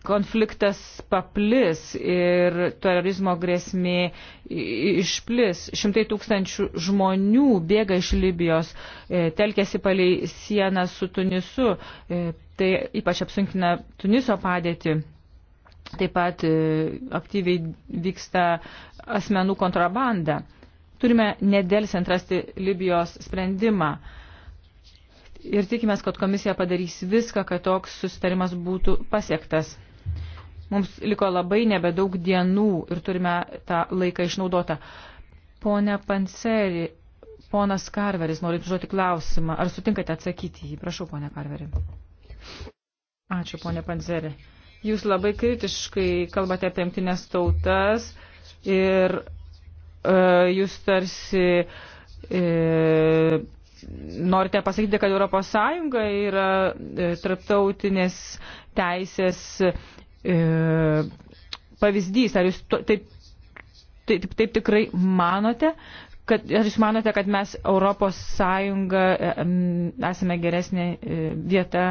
konfliktas paplis ir terorizmo grėsmė išplis. Šimtai tūkstančių žmonių bėga iš Libijos, e, telkėsi palei sieną su Tunisu, e, tai ypač apsunkina Tuniso padėtį. Taip pat e, aktyviai vyksta asmenų kontrabanda. Turime nedelsiant rasti Libijos sprendimą ir tikimės, kad komisija padarys viską, kad toks susitarimas būtų pasiektas. Mums liko labai nebedaug dienų ir turime tą laiką išnaudotą. Pone Panseri, ponas Karveris, noriu užduoti klausimą. Ar sutinkate atsakyti jį? Prašau, pone Karveri. Ačiū, pone Panseri. Jūs labai kritiškai kalbate apie jungtinės tautas ir uh, e, jūs tarsi uh, e, norite pasakyti, kad ES yra e, tarptautinės teisės e, pavyzdys. Ar jūs to, taip, taip, taip tikrai manote? Kad, ar jūs manote, kad mes Europos Sąjunga e, esame geresnė e, vieta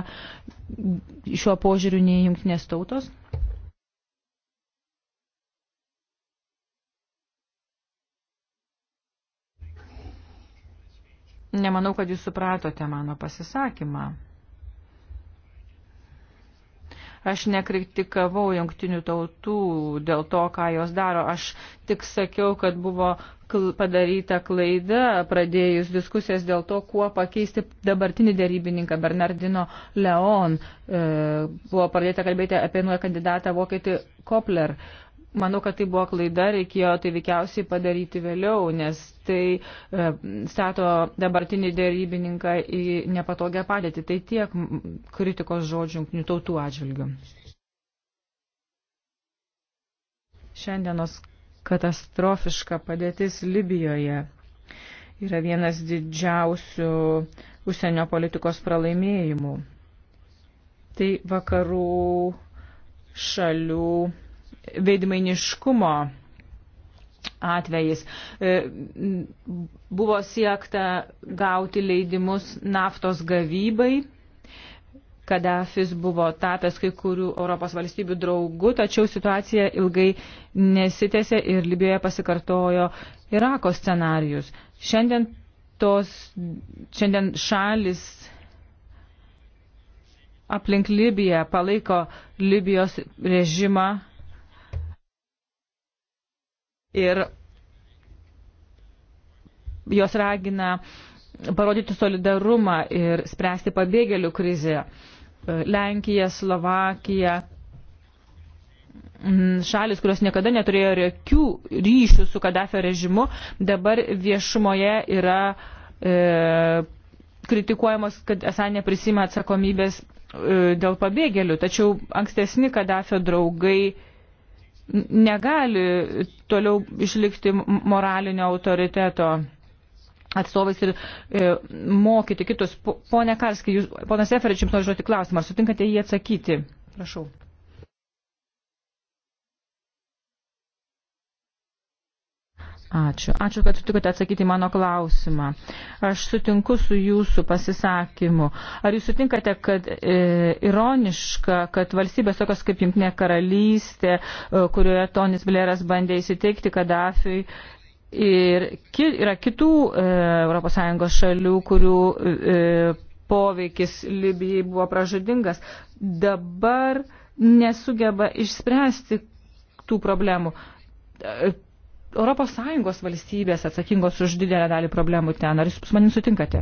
šiuo požiūriu nei jungtinės tautos? Nemanau, kad jūs supratote mano pasisakymą. Aš nekritikavau jungtinių tautų dėl to, ką jos daro. Aš tik sakiau, kad buvo padaryta klaida, pradėjus diskusijas dėl to, kuo pakeisti dabartinį dėrybininką Bernardino Leon. E, buvo pradėta kalbėti apie nuo kandidatą vokietį Kopler. E, Manau, kad tai buvo klaida, reikėjo tai veikiausiai padaryti vėliau, nes tai e, stato dabartinį dėrybininką į nepatogią padėtį. Tai tiek kritikos žodžių jungtinių tautų atžvilgių. Šiandienos katastrofiška padėtis Libijoje yra vienas didžiausių užsienio politikos pralaimėjimų. Tai vakarų šalių veidmainiškumo atvejais. E, buvo siekta gauti leidimus naftos gavybai. Kadafis buvo tapęs kai kurių Europos valstybių draugų, tačiau situacija ilgai nesitėse ir Libijoje pasikartojo Irako scenarius. Šiandien, tos, šiandien šalis aplink Libiją palaiko Libijos režimą ir jos ragina parodyti solidarumą ir spręsti pabėgėlių krizę. Lenkija, Slovakija, mm, šalis, kurios niekada neturėjo jokių ryšių su Kadafio režimu, dabar viešumoje yra e, kritikuojamos, kad esą neprisima atsakomybės e, dėl pabėgėlių. Tačiau ankstesni Kadafio draugai negali toliau išlikti moralinio autoriteto atstovais ir e, mokyti kitus. Pone Karski, jūs, ponas Eferičius, noriu žodžiu klausimą, ar sutinkate jį atsakyti? Prašau. Ačiū. Ačiū, kad sutikote atsakyti mano klausimą. Aš sutinku su jūsų pasisakymu. Ar jūs sutinkate, kad e, ironiška, kad valstybės tokios kaip Junktinė karalystė, e, kurioje Tonis Blėras bandė įsiteikti Kadafiui, ir ki, yra kitų e, ES šalių, kurių e, poveikis Libijai buvo pražudingas, dabar nesugeba išspręsti tų problemų e, ES valstybės atsakingos už didelę dalį problemų ten. Ar jūs su manim sutinkate?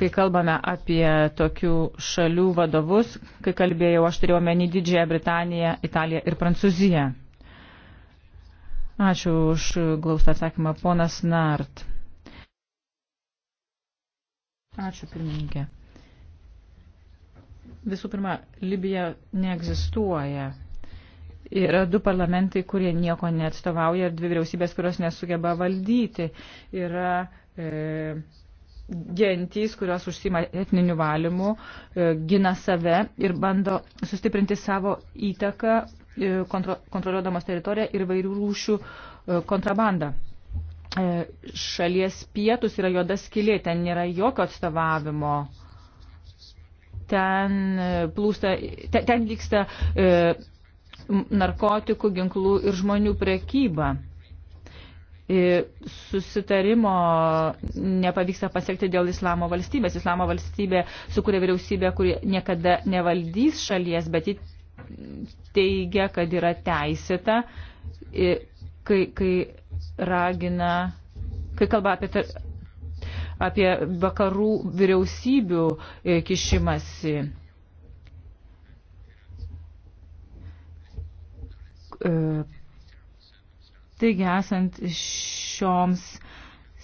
Kai kalbame apie tokių šalių vadovus, kai kalbėjau, aš turėjau menį Didžiąją Britaniją, Italiją ir Prancūziją. Ačiū už glaustą atsakymą, ponas Nart. Ačiū pirmininkė. Visų pirma, Libija neegzistuoja. Yra du parlamentai, kurie nieko neatstovauja ir dvi vyriausybės, kurios nesugeba valdyti. Yra e, gentys, kurios užsima etniniu valymu, e, gina save ir bando sustiprinti savo įtaką, e, kontro, kontroliuodamos teritoriją ir vairių rūšių e, kontrabandą. E, šalies pietus yra juoda skilė, ten nėra jokio atstovavimo. E, ten e, plūsta, ten, ten vyksta e, narkotikų, ginklų ir žmonių prekyba. E, susitarimo nepavyksta pasiekti dėl islamo valstybės. Islamo valstybė sukuria vyriausybę, kuri niekada nevaldys šalies, bet ji teigia, kad yra teisėta, e, kai, kai ragina, kai kalba apie tar apie vakarų vyriausybių e, kišimasi. E, taigi, esant šioms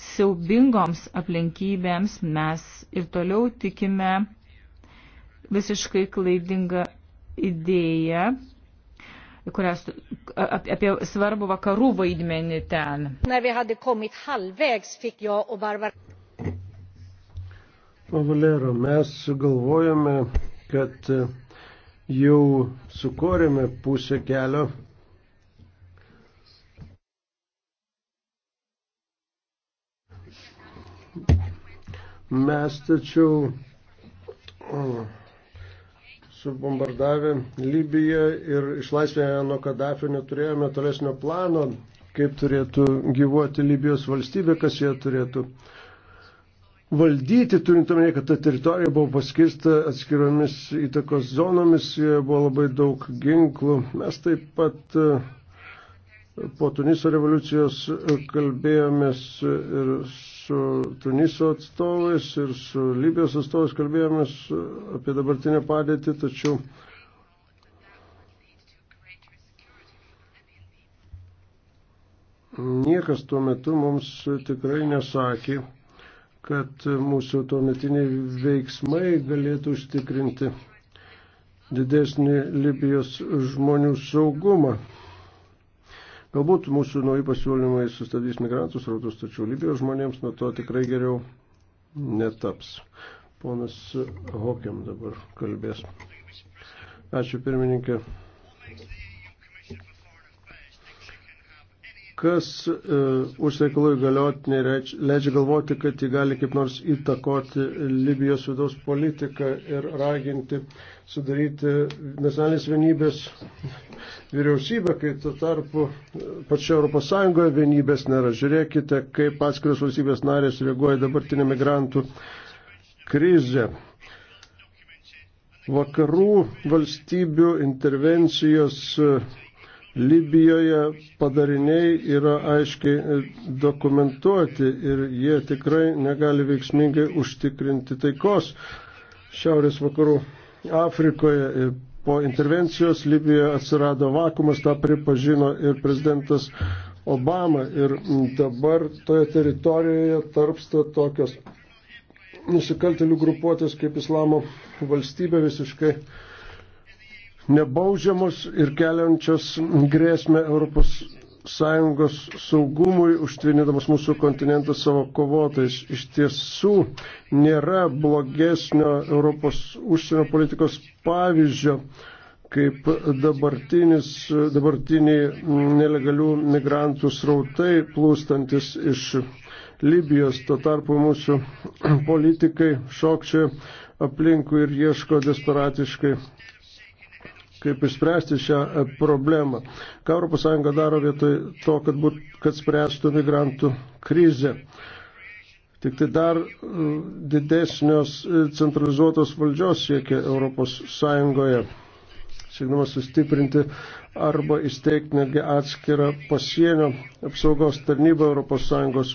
siaubingoms aplinkybėms, mes ir toliau tikime visiškai klaidingą idėją kurias, apie svarbų vakarų vaidmenį ten. Valero, mes galvojame, kad jau sukorėme pusę kelio. Mes tačiau subombardavę Libiją ir išlaisvėję nuo Kadafio neturėjome tolesnio plano, kaip turėtų gyvuoti Libijos valstybė, kas jie turėtų uh, valdyti, turint omenyje, kad ta teritorija buvo paskirsta atskiromis įtakos zonomis, joje buvo labai daug ginklų. Mes taip pat e, po Tuniso revoliucijos kalbėjomės ir su Tuniso atstovais, ir su Libijos atstovais kalbėjomės apie dabartinę padėtį, tačiau niekas tuo metu mums tikrai nesakė, kad mūsų tuometiniai veiksmai galėtų užtikrinti didesnį Libijos žmonių saugumą. Galbūt mūsų nauji pasiūlymai sustabdys migrantus rautus, tačiau Libijos žmonėms nuo to tikrai geriau netaps. Ponas Hokiam dabar kalbės. Ačiū pirmininkė. kas e, užsienio įgaliotinė leidžia galvoti, kad jį gali kaip nors įtakoti Libijos vidaus politiką ir raginti sudaryti nacionalinės vienybės vyriausybę, kai tuo tarpu pačio ES vienybės nėra. Žiūrėkite, kaip atskiros valstybės narės reaguoja dabartinė migrantų krizė. Vakarų valstybių intervencijos Libijoje padariniai yra aiškiai e, dokumentuoti ir jie tikrai negali veiksmingai užtikrinti taikos Šiaurės vakarų Afrikoje. Po intervencijos Libijoje atsirado vakumas, tą pripažino ir prezidentas Obama ir dabar toje teritorijoje tarpsta tokios nusikaltelių grupuotės kaip Islamo valstybė visiškai nebaudžiamos ir keliančios grėsmę Europos sąjungos saugumui, užtvinėdamas mūsų kontinentą savo kovotais. Iš tiesų nėra blogesnio Europos užsienio politikos pavyzdžio, kaip dabartiniai nelegalių migrantų srautai plūstantis iš Libijos. Tuo tarpu mūsų politikai šokčia aplinkui ir ieško desperatiškai kaip išspręsti šią e, problemą. Ką ES daro vietoj to, kad, būt, kad spręstų migrantų krizę. Tik tai dar e, didesnios e, centralizuotos valdžios siekia ES, siekdamas sustiprinti arba įsteigti netgi atskirą pasienio apsaugos tarnybą ES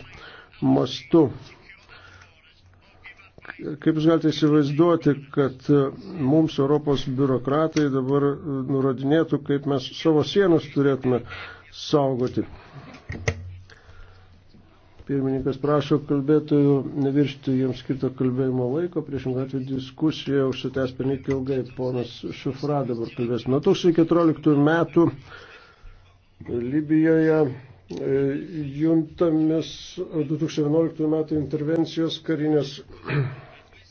mastu. Kaip jūs galite įsivaizduoti, kad e, mums Europos biurokratai dabar e, nurodinėtų, kaip mes savo sienas turėtume saugoti. Pirmininkas prašo kalbėtojų neviršti jiems skirto kalbėjimo laiko, priešingą atveju diskusija užsitęs penik ilgai. Ponas Šufra dabar kalbės. Nuo 2014 metų e, Libijoje juntamis 2011 metų intervencijos karinės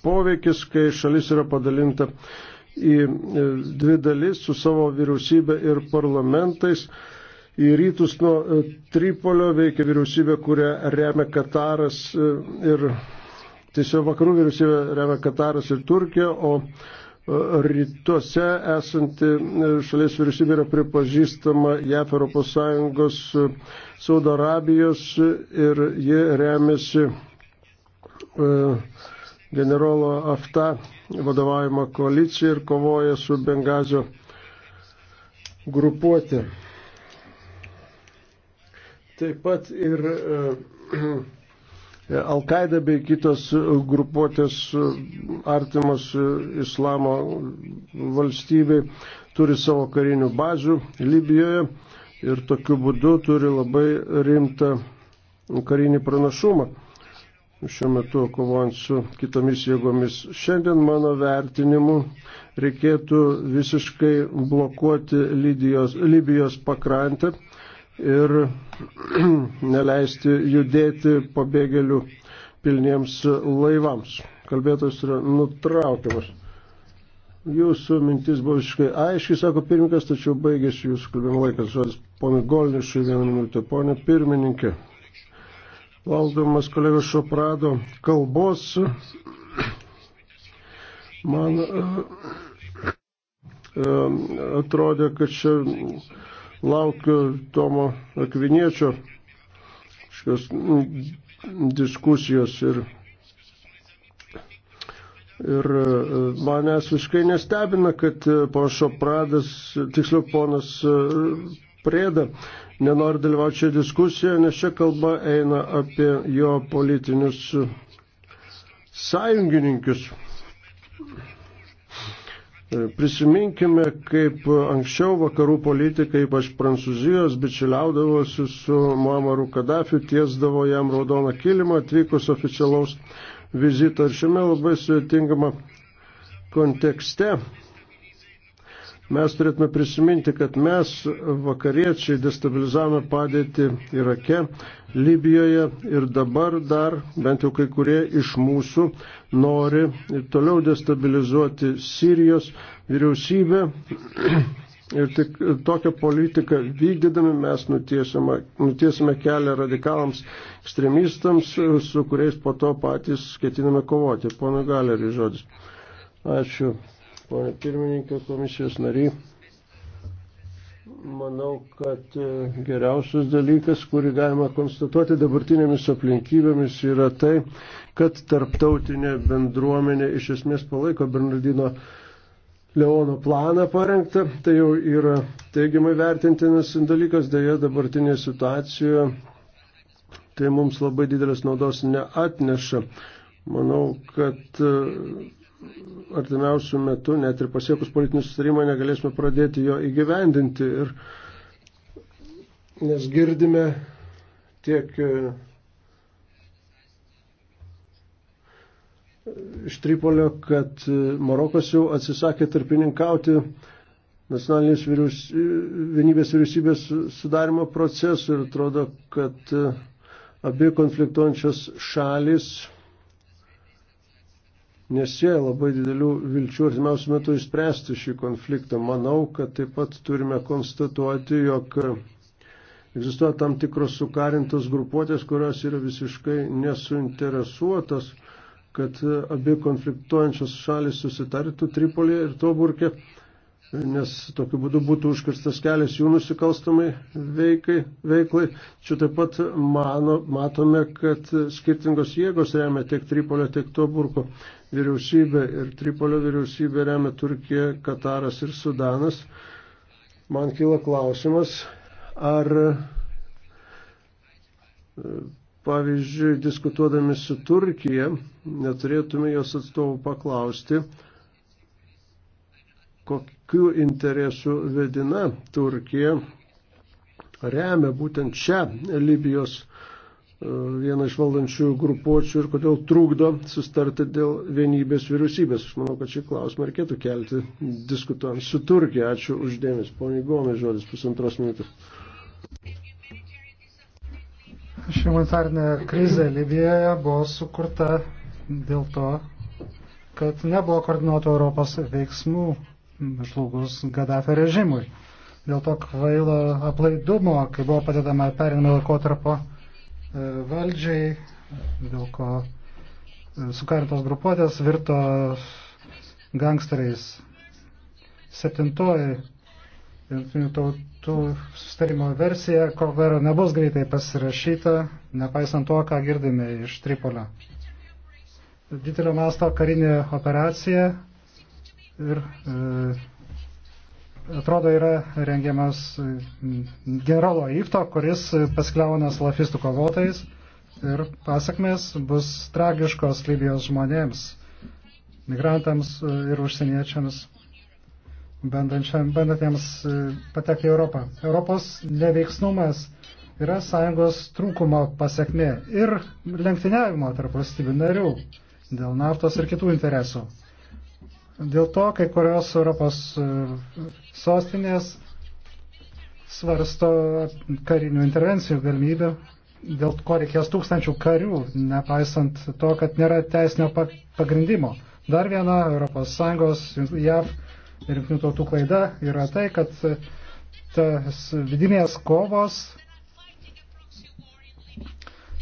poveikis, kai šalis yra padalinta į e, dvi dalis su savo vyriausybė ir parlamentais. Į rytus nuo e, Tripolio veikia vyriausybė, kurią remia Kataras e, ir tiesiog vakarų vyriausybė remia Kataras ir Turkija, o rytuose esanti šalies vyriausybė yra pripažįstama JAF Europos Sąjungos, Saudo Arabijos ir ji remiasi uh, generolo Afta vadovaujama koalicija ir kovoja su Bengazio grupuotė. Taip pat ir e, Al-Qaeda bei kitos grupuotės artimos islamo valstybei turi savo karinių bazių Libijoje ir tokiu būdu turi labai rimtą karinį pranašumą šiuo metu kovojant su kitomis jėgomis. Šiandien mano vertinimu reikėtų visiškai blokuoti Libijos, Libijos pakrantę ir neleisti judėti pabėgėlių pilniems laivams. Kalbėtojas yra nutraukiamas. Jūsų mintis buvo visiškai aiškiai, sako pirmininkas, tačiau baigėsi jūsų kalbėjimo laikas. Žodis ponui Golnišui vieną minutę. Pone pirmininkė, valdomas kolegos Šoprado kalbos. Man e, e, atrodė, kad čia laukiu Tomo Akviniečio šios diskusijos ir Ir e, manęs visiškai nestebina, kad ponas Šopradas, tiksliau ponas Prėda, nenori dalyvauti čia diskusijoje, nes čia kalba eina apie jo politinius sąjungininkius. Prisiminkime, kaip anksčiau vakarų politikai, ypač Prancūzijos, bičiuliaudavosi su Muamaru Kadafiu, tiesdavo jam raudoną kilimą atvykus oficialaus vizito. Ir šiame labai sudėtingame kontekste mes turėtume prisiminti, kad mes vakariečiai destabilizavome padėtį Irake, Libijoje ir dabar dar bent jau kai kurie iš mūsų nori ir toliau destabilizuoti Sirijos vyriausybę. Ir tik tokią politiką vykdydami mes nutiesime, nutiesime kelią radikalams ekstremistams, su kuriais po to patys ketiname kovoti. Pono Galerį žodis. Ačiū, ponė pirmininkė, komisijos nariai. Manau, kad e, geriausias dalykas, kurį galima konstatuoti dabartinėmis aplinkybėmis, yra tai, kad tarptautinė bendruomenė iš esmės palaiko Bernardino Leono planą parengtą. Tai jau yra teigiamai vertintinas dalykas, dėja dabartinė situacija. Tai mums labai didelės naudos neatneša. Manau, kad e, artimiausių metų, net ir pasiekus politinį sustarimą, negalėsime pradėti jo įgyvendinti. Ir, nes girdime tiek e, iš Tripolio, kad e, Marokas jau atsisakė tarpininkauti nacionalinės vyriaus, vienybės vyriausybės sudarimo procesų ir atrodo, kad e, abi konfliktuojančios šalis nesieja labai didelių vilčių artimiausių metų išspręsti šį konfliktą. Manau, kad taip pat turime konstatuoti, jog egzistuoja tam tikros sukarintos grupuotės, kurios yra visiškai nesuinteresuotas, kad abi konfliktuojančios šalis susitartų Tripolėje ir Toburke nes tokiu būdu būtų užkirstas kelias jų nusikalstamai veikai, veiklai. Čia taip pat mano, matome, kad skirtingos jėgos remia tiek Tripolio, tiek Toburko vyriausybę ir Tripolio vyriausybę remia Turkija, Kataras ir Sudanas. Man kyla klausimas, ar pavyzdžiui, diskutuodami su Turkija, neturėtume jos atstovų paklausti, kokie kokių interesų vedina Turkija remia būtent čia Libijos e, vieną iš valdančių grupuočių ir kodėl trukdo sustarti dėl vienybės vyriausybės. Aš manau, kad šį klausimą reikėtų kelti diskutuojant su Turkija. Ačiū uždėmės. Pone Gomė, žodis pusantros minutės. Humanitarinė krizė Libijoje buvo sukurta dėl to, kad nebuvo koordinuoto Europos veiksmų žlugus Gaddafio režimui. Dėl to kvailo aplaidumo, kai buvo padedama perinimo laikotarpo e, valdžiai, dėl ko e, sukarintos grupuotės virto gangsteriais. Septintoji jungtinių tautų sustarimo versija, ko gero nebus greitai pasirašyta, nepaisant to, ką girdime iš Tripolio. Didelio masto karinė operacija ir e, atrodo yra rengiamas e, generolo Ifto, kuris paskliauna slafistų kovotais ir pasakmės bus tragiškos Libijos žmonėms, migrantams e, ir užsieniečiams, bandantiems e, patekti į Europą. Europos neveiksnumas yra sąjungos trūkumo pasiekmė ir lenktyniavimo tarp valstybių narių dėl naftos ir kitų interesų. Dėl to kai kurios Europos e, sostinės svarsto karinių intervencijų galimybę, dėl ko reikės tūkstančių karių, nepaisant to, kad nėra teisinio pagrindimo. Dar viena ES, JAV ir jungtinių tautų klaida yra tai, kad e, tas vidinės kovos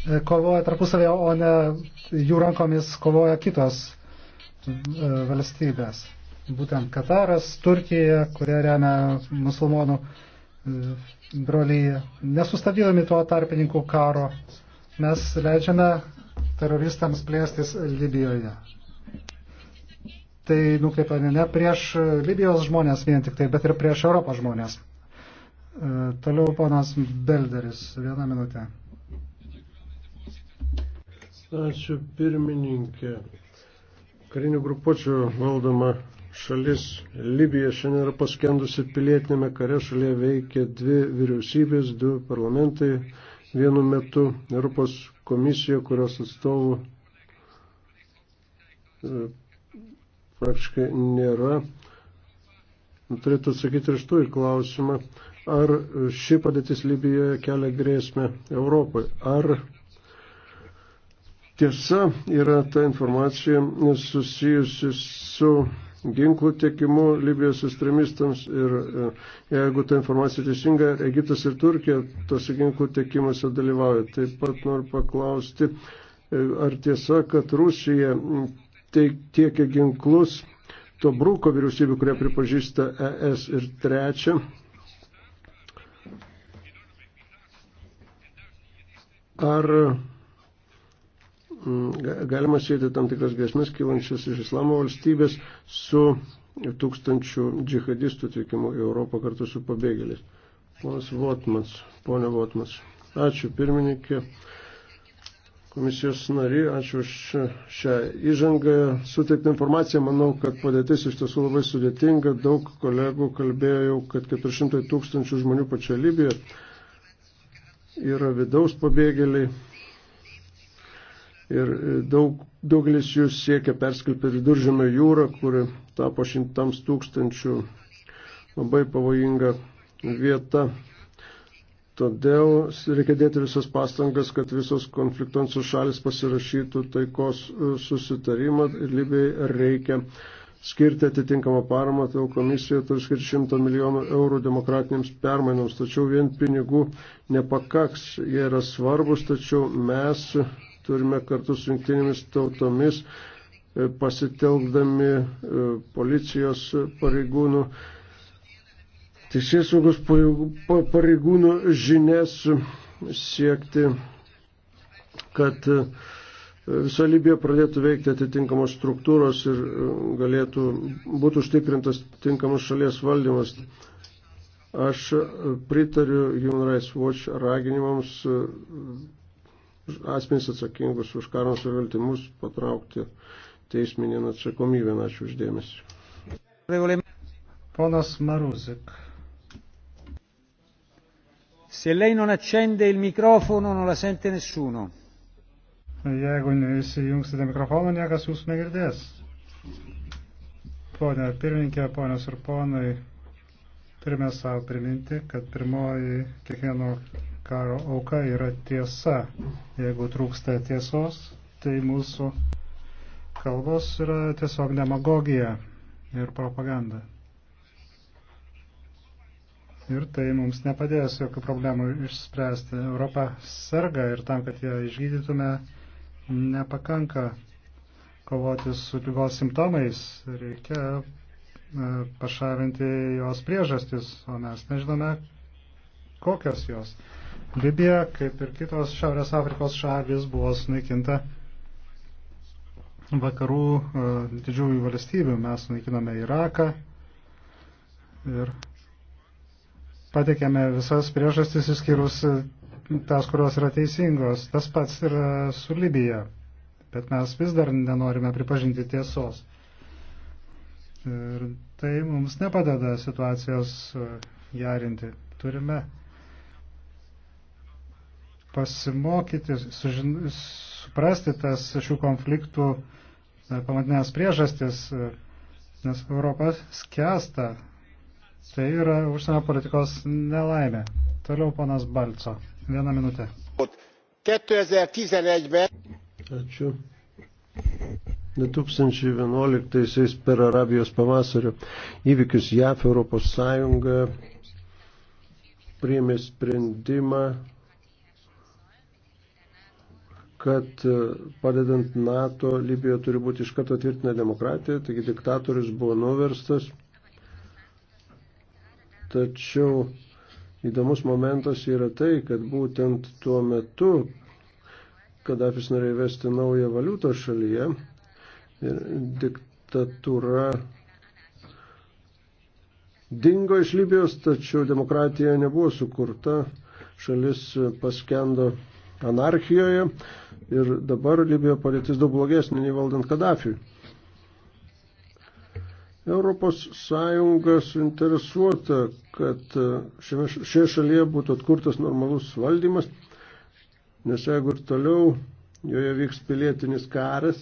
e, kovoja tarpusavėje, o ne jų rankomis kovoja kitos E, valstybės. Būtent Kataras, Turkija, kurie remia musulmonų e, brolyje. Nesustabdydami tuo tarpininkų karo, mes leidžiame teroristams plėstis Libijoje. Tai nukreipia ne prieš Libijos žmonės vien tik tai, bet ir prieš Europos žmonės. E, toliau ponas Belderis, vieną minutę. Ačiū pirmininkė karinių grupuočių valdoma šalis Libija šiandien yra paskendusi pilietinėme kare, šalyje veikia dvi vyriausybės, du parlamentai vienu metu, Europos komisija, kurios atstovų e, praktiškai nėra. Turėtų atsakyti iš tų į klausimą, ar ši padėtis Libijoje kelia grėsmę Europai, ar Tiesa yra ta informacija susijusi su ginklų tiekimu Libijos ekstremistams ir e, jeigu ta informacija teisinga, Egiptas ir Turkija tose ginklų tiekimuose dalyvauja. Taip pat noriu paklausti, e, ar tiesa, kad Rusija tiekia ginklus to brūko vyriausybė, kurią pripažįsta ES ir trečia. Ar galima sėti tam tikras grėsmės kylančias iš islamo valstybės su tūkstančių džihadistų atvykimu į Europą kartu su pabėgėliais. Ponas Votmans, ponė Votmans. Ačiū pirmininkė, komisijos nari, ačiū už šią įžangą. Suteiktą informaciją, manau, kad padėtis iš tiesų labai sudėtinga. Daug kolegų kalbėjo jau, kad 400 tūkstančių žmonių pačia Libijoje yra vidaus pabėgėliai ir e, daug, daugelis jų siekia perskelti viduržėmio jūrą, kuri tapo šimtams tūkstančių labai pavojinga vieta. Todėl reikia dėti visas pastangas, kad visos konfliktuojančios šalis pasirašytų taikos e, susitarimą ir Libijai reikia skirti atitinkamą paramą, todėl komisija turi skirti 100 milijonų eurų demokratinėms permainoms, tačiau vien pinigų nepakaks, jie yra svarbus, tačiau mes turime kartu su jungtinėmis tautomis e, pasitelkdami e, policijos pareigūnų, teisėsaugos pareigūnų žinias siekti, kad e, visa Libija pradėtų veikti atitinkamos struktūros ir galėtų būtų užtikrintas tinkamas šalies valdymas. Aš pritariu Human Rights Watch raginimams asmenys atsakingus už karo nusikaltimus patraukti teisminį atsakomybę. Ačiū uždėmesi. Ponas Maruzik. Se lei non accende il microfono non la sente nessuno. Jeigu neįsijungsite mikrofoną, niekas jūsų negirdės. Pone pirmininkė, ponios ir ponai, turime savo priminti, kad pirmoji kiekvieno karo auka yra tiesa. Jeigu trūksta tiesos, tai mūsų kalbos yra tiesiog demagogija ir propaganda. Ir tai mums nepadės jokių problemų išspręsti. Europa serga ir tam, kad ją išgydytume, nepakanka kovoti su lygos simptomais. Reikia e, pašalinti jos priežastis, o mes nežinome, kokios jos. Libija, kaip ir kitos Šiaurės Afrikos šalis, buvo sunaikinta vakarų e, didžiųjų valstybių. Mes sunaikinome Iraką ir pateikėme visas priežastis įskyrus e, tas, kurios yra teisingos. Tas pats yra e, su Libija, bet mes vis dar nenorime pripažinti tiesos. Ir tai mums nepadeda situacijos gerinti. Turime pasimokyti, sužin, suprasti tas šių konfliktų pamatinės priežastis, nes Europas skęsta. Tai yra užsienio politikos nelaimė. Toliau ponas Balco. Vieną minutę. 2011-ben. Ačiū. 2011 per Arabijos pavasario įvykius JAF Europos Sąjunga priėmė sprendimą kad e, padedant NATO Libijoje turi būti iš karto tvirtina demokratija, taigi diktatorius buvo nuverstas. Tačiau įdomus momentas yra tai, kad būtent tuo metu, Kadafis norėjo įvesti naują valiutą šalyje ir diktatūra dingo iš Libijos, tačiau demokratija nebuvo sukurta, šalis paskendo anarchijoje ir dabar Libijoje padėtis daug blogesnė nei valdant Kadafiui. Europos Sąjunga suinteresuota, kad šiame, šioje šalyje būtų atkurtas normalus valdymas, nes jeigu ir toliau joje vyks pilietinis karas,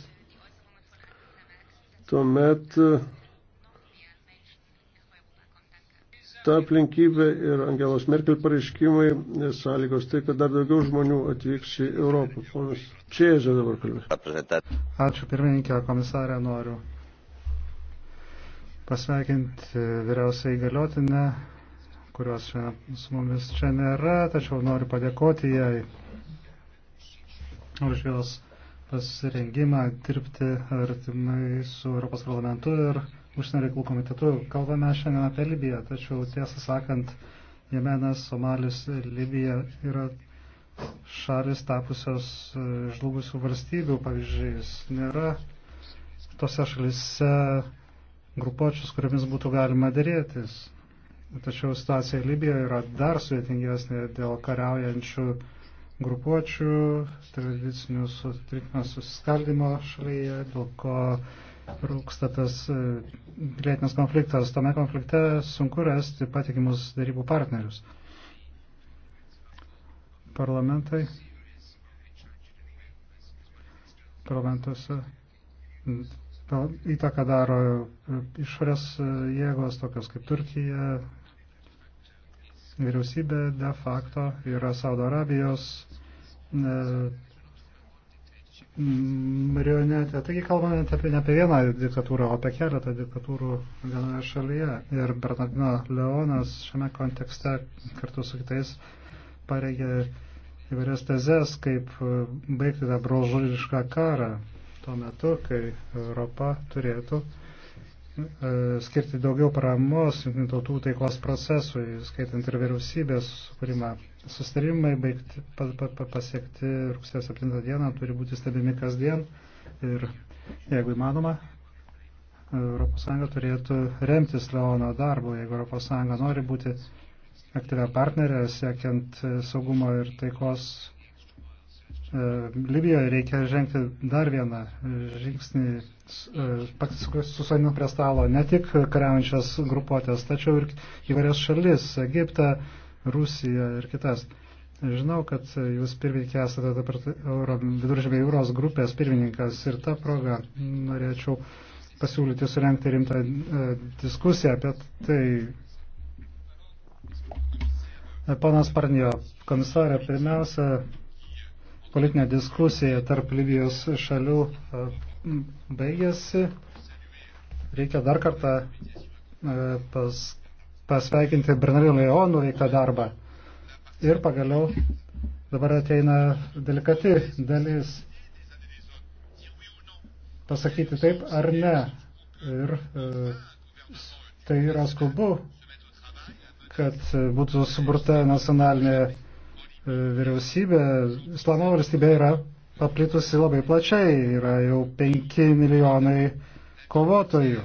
tuomet Ta aplinkybė ir Angelos Merkel pareiškimai sąlygos tai, kad dar daugiau žmonių atvyks į Europą. Ponas Čiežė dabar kalbės. Ačiū pirmininkė, komisarė, noriu pasveikinti vyriausiai įgaliotinę, kurios čia, su mumis čia nėra, tačiau noriu padėkoti jai už jos pasirengimą dirbti artimai su Europos parlamentu ir užsienio reikalų komitetu. Kalbame šiandien apie Libiją, tačiau tiesą sakant, Jemenas, Somalis, Libija yra šalis tapusios e, žlugusių valstybių pavyzdžiais. Nėra tose šalise grupuočius, kuriamis būtų galima dėrėtis. Tačiau situacija Libijoje yra dar sudėtingesnė dėl kariaujančių grupuočių, tradicinių susiskaldimo šalyje, dėl ko rūksta tas pilietinis konfliktas. Tame konflikte sunku rasti patikimus darybų partnerius. Parlamentai. Parlamentuose įtaką daro e, išorės e, jėgos, tokios kaip Turkija. Vyriausybė de facto yra Saudo Arabijos e, marionetė. Taigi kalbame apie ne apie vieną diktatūrą, o apie keletą diktatūrų vienoje šalyje. Ir Bernardino Leonas šiame kontekste kartu su kitais pareigė įvairias tezes, kaip baigti tą brožulišką karą tuo metu, kai Europa turėtų uh, E, skirti daugiau paramos jungtinių tautų taikos procesui, skaitant ir vyriausybės sukūrimą. Sustarimai baigti, pa, pa, pa, pasiekti rugsėjo 7 dieną turi būti stebimi kasdien ir, jeigu įmanoma, ES turėtų remtis Leono darbu, jeigu ES nori būti aktyvę partnerę, siekiant saugumo ir taikos e, Libijoje reikia žengti dar vieną žingsnį susodino prie stalo ne tik kariaujančias grupuotės, tačiau ir įvairias šalis - Egiptą, Rusiją ir kitas. Žinau, kad jūs pirmininkė esate dabar Euro, viduržėmė jūros grupės pirmininkas ir tą progą norėčiau pasiūlyti surenkti rimtą e, diskusiją apie tai. Panas Parnijo, komisarė, pirmiausia, politinė diskusija tarp Libijos šalių e, baigėsi. Reikia dar kartą e, pas, pasveikinti Bernardino Leon nuveiktą darbą. Ir pagaliau dabar ateina delikati dalis pasakyti taip ar ne. Ir e, tai yra skubu, kad būtų suburta nacionalinė e, vyriausybė. Islamo valstybė yra paplitusi labai plačiai, yra jau 5 milijonai kovotojų.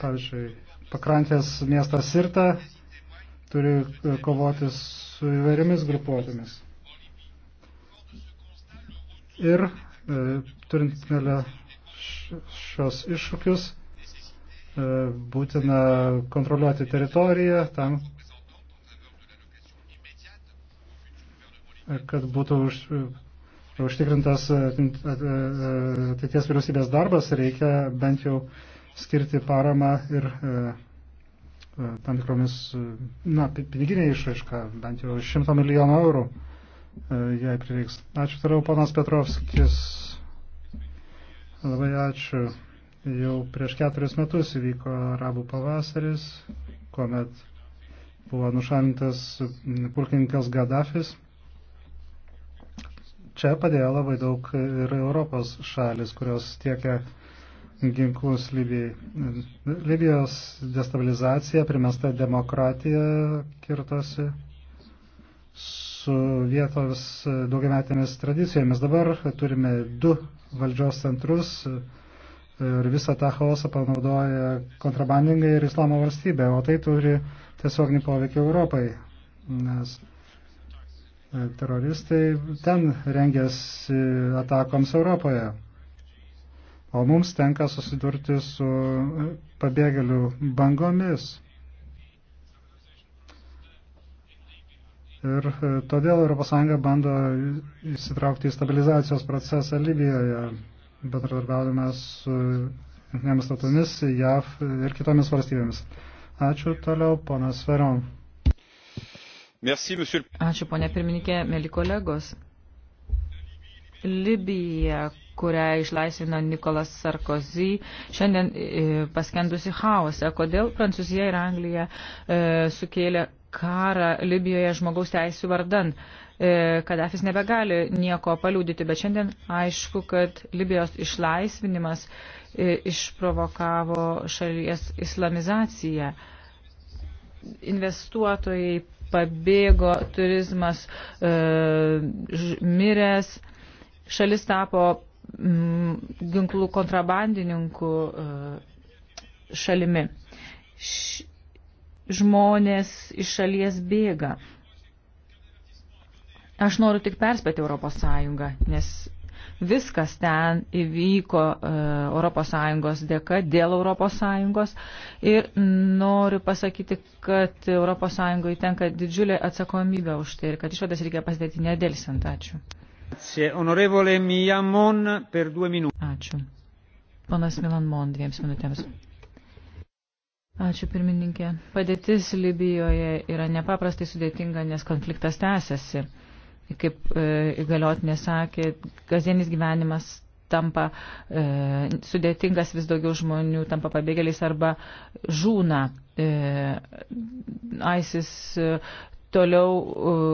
Pavyzdžiui, pakrantės miestas Sirta turi e, kovoti su įvairiomis grupuotėmis. Ir e, turint nelę šios iššūkius, e, būtina kontroliuoti teritoriją tam, kad būtų už, užtikrintas e, e, e, ateities vyriausybės darbas, reikia bent jau skirti paramą ir tam tikromis, na, piniginė išraiška, bent jau 100 milijonų eurų, jei prireiks. Ačiū toliau, ponas Petrovskis. Labai ačiū. Jau prieš keturis metus įvyko arabų pavasaris, kuomet buvo nušalintas pulkininkas Gaddafis. Čia padėjo labai daug ir Europos šalis, kurios tiekia ginklus Libijai. Libijos destabilizacija, primesta demokratija kirtosi su vietos daugiametėmis tradicijomis. Dabar turime du valdžios centrus ir visą tą chaosą panaudoja kontrabandingai ir islamo valstybė, o tai turi tiesioginį poveikį Europai, nes E, teroristai ten rengėsi atakoms Europoje. O mums tenka susidurti su e, pabėgėlių bangomis. Ir e, todėl ES bando įsitraukti į stabilizacijos procesą Libijoje, bendradarbiaudame su jungtinėmis tautomis, JAV ir kitomis valstybėmis. Ačiū toliau, ponas Veron. Merci, monsieur... Ačiū, ponė pirmininkė, mėly kolegos. Libija, kurią išlaisvino Nikolas Sarkozy, šiandien e, paskendusi chaose. Kodėl Prancūzija ir Anglija e, sukėlė karą Libijoje žmogaus teisų vardan? E, Kadafis nebegali nieko paliūdyti, bet šiandien aišku, kad Libijos išlaisvinimas e, išprovokavo šalies islamizaciją. Investuotojai pabėgo turizmas e, miręs, šalis tapo mm, ginklų kontrabandininkų e, šalimi. Š, žmonės iš šalies bėga. Aš noriu tik perspėti Europos Sąjungą, nes Viskas ten įvyko ES dėka, dėl ES. Ir noriu pasakyti, kad ES tenka didžiulė atsakomybė už tai ir kad išvadas reikia pasidėti nedėlsint. Ačiū. Ačiū. Ponas Milan Mon dviems minutėms. Ačiū pirmininkė. Padėtis Libijoje yra nepaprastai sudėtinga, nes konfliktas tęsiasi kaip e, įgaliotinė sakė, kasdienis gyvenimas tampa e, sudėtingas, vis daugiau žmonių tampa pabėgėliais arba žūna. E, ISIS e, toliau e,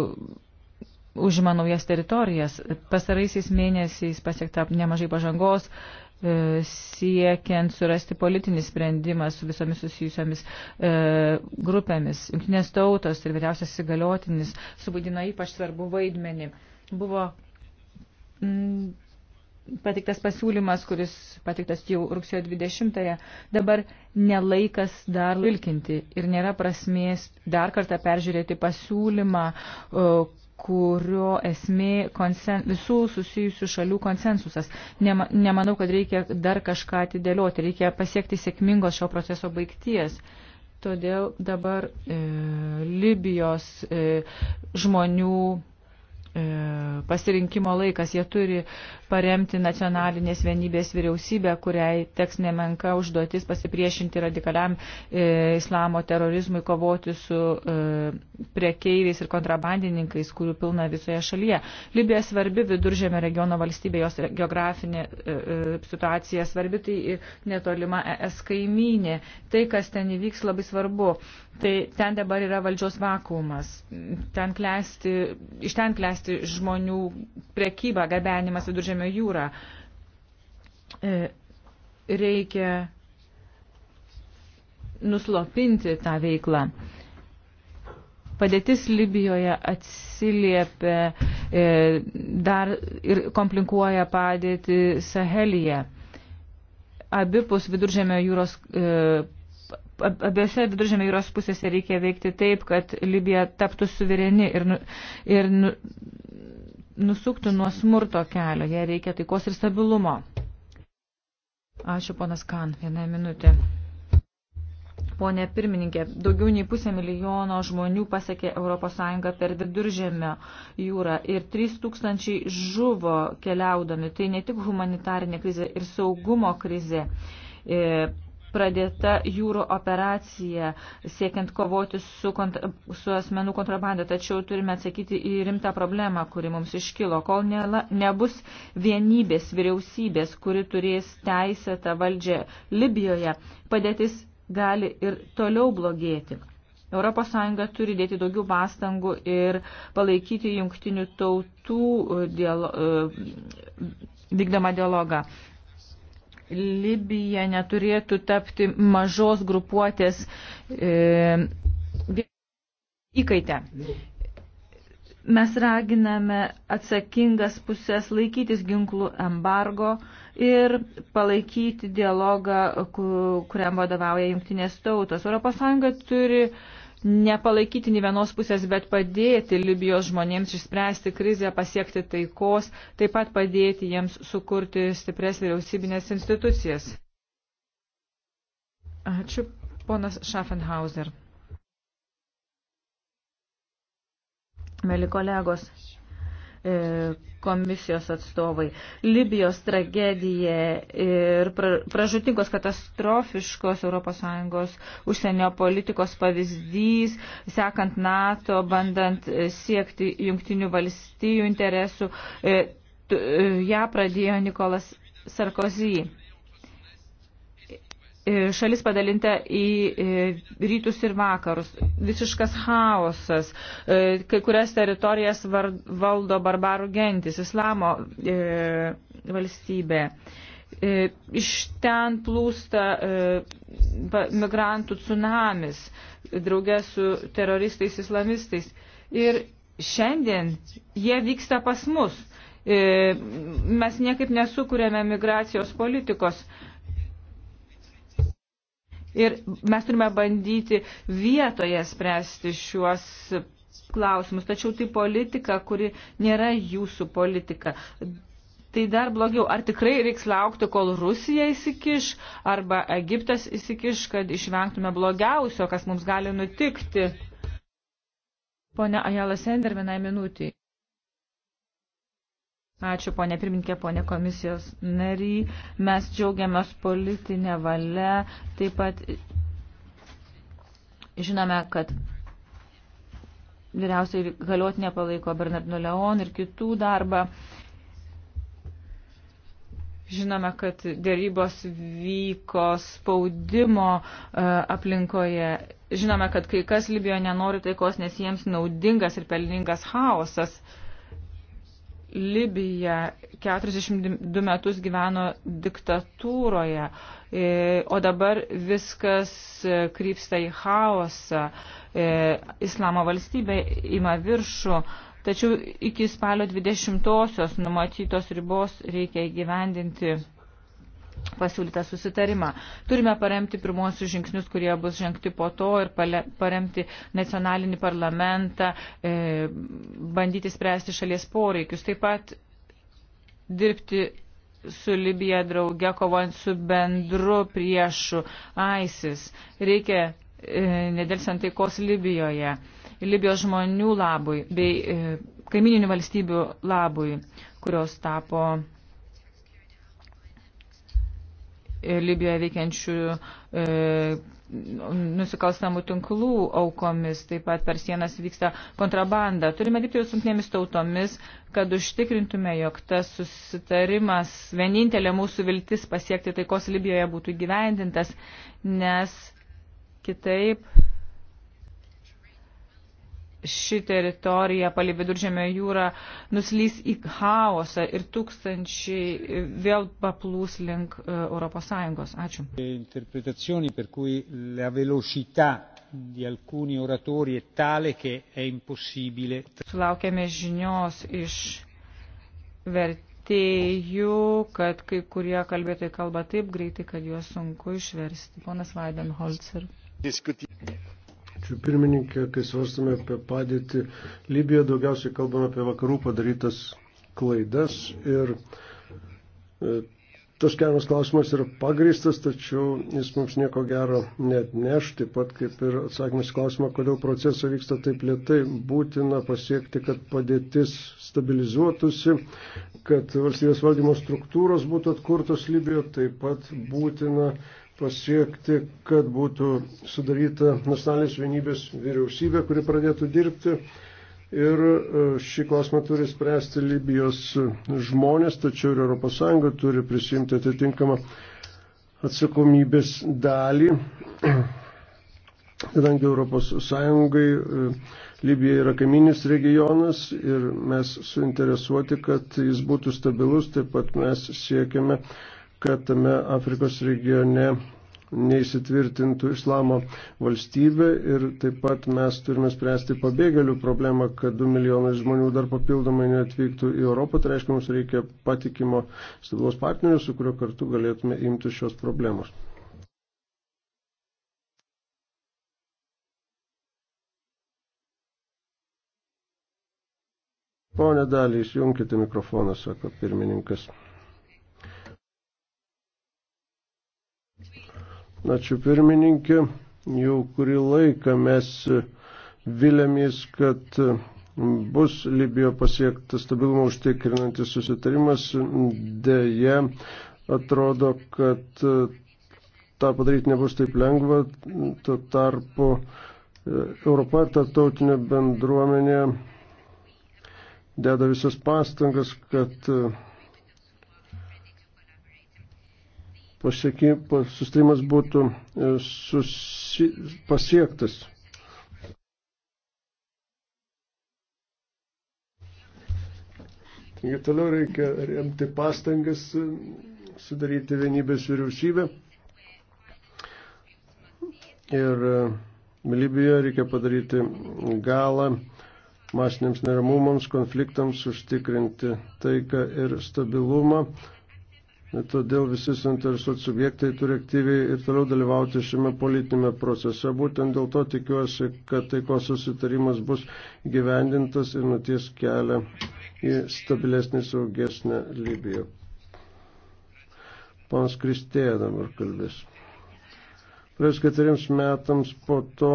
užima naujas teritorijas. Pasaraisiais mėnesiais pasiekta nemažai pažangos. E, E, siekiant surasti politinį sprendimą su visomis susijusiomis e, grupėmis. Junktinės tautos ir vyriausias įgaliotinis suvaidino ypač svarbu vaidmenį. Buvo mm, patiktas pasiūlymas, kuris patiktas jau rugsėjo 20-ąją, dabar nelaikas dar vilkinti ir nėra prasmės dar kartą peržiūrėti pasiūlymą, o, kurio esmė konsen, visų susijusių šalių konsensusas. Nema, nemanau, kad reikia dar kažką atidėlioti, reikia pasiekti sėkmingos šio proceso baigties. Todėl dabar e, Libijos e, žmonių E, pasirinkimo laikas. Jie turi paremti nacionalinės vienybės vyriausybę, kuriai teks nemenka užduotis pasipriešinti radikaliam e, islamo terorizmui, kovoti su e, prekeiviais ir kontrabandininkais, kurių pilna visoje šalyje. Libija svarbi viduržėmio regiono valstybė, jos geografinė e, e, situacija svarbi, tai netolima ES kaimynė. Tai, kas ten įvyks, labai svarbu. Tai ten dabar yra valdžios vakuumas. Ten klesti, iš ten klesti spręsti žmonių prekybą, gabenimas viduržėmio jūrą. E, reikia nuslopinti tą veiklą. Padėtis Libijoje atsiliepia e, dar ir komplikuoja padėtį Sahelyje. Abipus viduržėmio jūros e, abiejose viduržėmio jūros pusėse reikia veikti taip, kad Libija taptų suvereni ir, nu, ir nu, nusuktų nuo smurto kelio. Jie reikia taikos ir stabilumo. Ačiū, ponas Kan. Vieną minutę. Pone pirmininkė, daugiau nei pusę milijono žmonių pasiekė ES per viduržėmio jūrą ir 3 tūkstančiai žuvo keliaudami. Tai ne tik humanitarinė krizė ir saugumo krizė. E, pradėta jūro operacija siekiant kovoti su, kontra, su asmenų kontrabanda, tačiau turime atsakyti į rimtą problemą, kuri mums iškilo, kol ne, nebus vienybės vyriausybės, kuri turės teisę tą valdžią Libijoje, padėtis gali ir toliau blogėti. ES turi dėti daugiau pastangų ir palaikyti jungtinių tautų e, dialo, e, vykdomą dialogą. Libija neturėtų tapti mažos grupuotės e, įkaitę. Mes raginame atsakingas pusės laikytis ginklų embargo ir palaikyti dialogą, kuriam vadovauja jungtinės tautos. ES turi nepalaikyti nei vienos pusės, bet padėti Libijos žmonėms išspręsti krizę, pasiekti taikos, taip pat padėti jiems sukurti stipres vyriausybinės institucijas. Ačiū, ponas Schaffenhauser. Meli kolegos, E, komisijos atstovai. Libijos tragedija ir pražutingos katastrofiškos ES užsienio politikos pavyzdys, sekant NATO, bandant siekti jungtinių valstijų interesų, e, e, ją pradėjo Nikolas Sarkozy. E, šalis padalinta į e, rytus ir vakarus. Visiškas chaosas. E, kai kurias teritorijas valdo barbarų gentis, islamo valstybė. Iš ten plūsta migrantų tsunamis, draugė su teroristais, islamistais. Ir šiandien jie vyksta pas mus. Mes niekaip nesukūrėme migracijos politikos Ir mes turime bandyti vietoje spręsti šiuos klausimus. Tačiau tai politika, kuri nėra jūsų politika. Tai dar blogiau. Ar tikrai reiks laukti, kol Rusija įsikiš arba Egiptas įsikiš, kad išvengtume blogiausio, kas mums gali nutikti? Pone Ajala Sender, vienai minutiai. Ačiū, ponė pirminkė, ponė komisijos nariai. Mes džiaugiamės politinę valią. Taip pat žinome, kad vyriausiai galiotinė palaiko Bernardino Leon ir kitų darbą. Žinome, kad dėrybos vyko spaudimo e, aplinkoje. Žinome, kad kai kas Libijoje nenori taikos, nes jiems naudingas ir pelningas chaosas. Libija 42 metus gyveno diktatūroje, e, o dabar viskas krypsta į chaosą, e, islamo valstybė ima viršų, tačiau iki spalio 20-osios numatytos ribos reikia įgyvendinti pasiūlytą susitarimą. Turime paremti pirmosius žingsnius, kurie bus žengti po to ir pale, paremti nacionalinį parlamentą, e, bandyti spręsti šalies poreikius. Taip pat dirbti su Libija drauge, kovojant su bendru priešu ISIS. Reikia e, nedėlsant taikos Libijoje, Libijos žmonių labui bei e, kaimininių valstybių labui, kurios tapo Libijoje veikiančių e, nusikalstamų tinklų aukomis, taip pat per sienas vyksta kontrabanda. Turime dirbti su jungtinėmis tautomis, kad užtikrintume, jog tas susitarimas, vienintelė mūsų viltis pasiekti taikos Libijoje būtų gyvendintas, nes kitaip ši teritorija palai viduržėmio jūrą nuslys į chaosą ir tūkstančiai e, vėl paplūs link ES. Ačiū. Interpretazioni per cui la velocità di alcuni oratori è tale che è impossibile. Sulaukėme žinios iš vertėjų, kad kai kurie kalbėtojai kalba taip greitai, kad juos sunku išversti. Ponas Vaidenholzer. Diskuti. Ačiū pirmininkė, kai svarstame apie padėtį Libijoje, daugiausiai kalbame apie vakarų padarytas klaidas ir e, tas kelias klausimas yra pagristas, tačiau jis mums nieko gero net neš, taip pat kaip ir atsakymas klausimą, kodėl procesai vyksta taip lietai, būtina pasiekti, kad padėtis stabilizuotųsi, kad valstybės valdymo struktūros būtų atkurtos Libijoje, taip pat būtina pasiekti, kad būtų sudaryta nacionalinės vienybės vyriausybė, kuri pradėtų dirbti. Ir e, šį klausimą turi spręsti Libijos žmonės, tačiau ir ES turi prisimti atitinkamą atsakomybės dalį, kadangi ES e, Libija yra kaiminis regionas ir mes suinteresuoti, kad jis būtų stabilus, taip pat mes siekiame kad tame Afrikos regione neįsitvirtintų islamo valstybė ir taip pat mes turime spręsti pabėgėlių problemą, kad 2 milijonai žmonių dar papildomai neatvyktų į Europą, tai reiškia, mums reikia patikimo stabilos partnerių, su kuriuo kartu galėtume imti šios problemos. Pone Dalį, įsijunkite mikrofoną, sako pirmininkas. Ačiū pirmininkė. Jau kurį laiką mes e, vilėmės, kad e, bus Libijo pasiektas stabilumą užtikrinantis susitarimas. Deja, atrodo, kad e, tą padaryti nebus taip lengva. Tuo tarpu Europa ir tarptautinė bendruomenė deda visas pastangas, kad pasieky, sustarimas būtų e, susi, pasiektas. Taigi toliau reikia remti pastangas e, sudaryti vienybės vyriausybę. Ir e, Libijoje reikia padaryti galą masiniams neramumams, konfliktams, užtikrinti taiką ir stabilumą. Todėl visi suinteresuoti subjektai turi aktyviai ir toliau dalyvauti šiame politinėme procese. Būtent dėl to tikiuosi, kad taikos susitarimas bus gyvendintas ir nuties kelią į stabilesnį, saugesnę Libiją. Pans Kristėja dabar kalbės. Praėjus keturiems metams po to,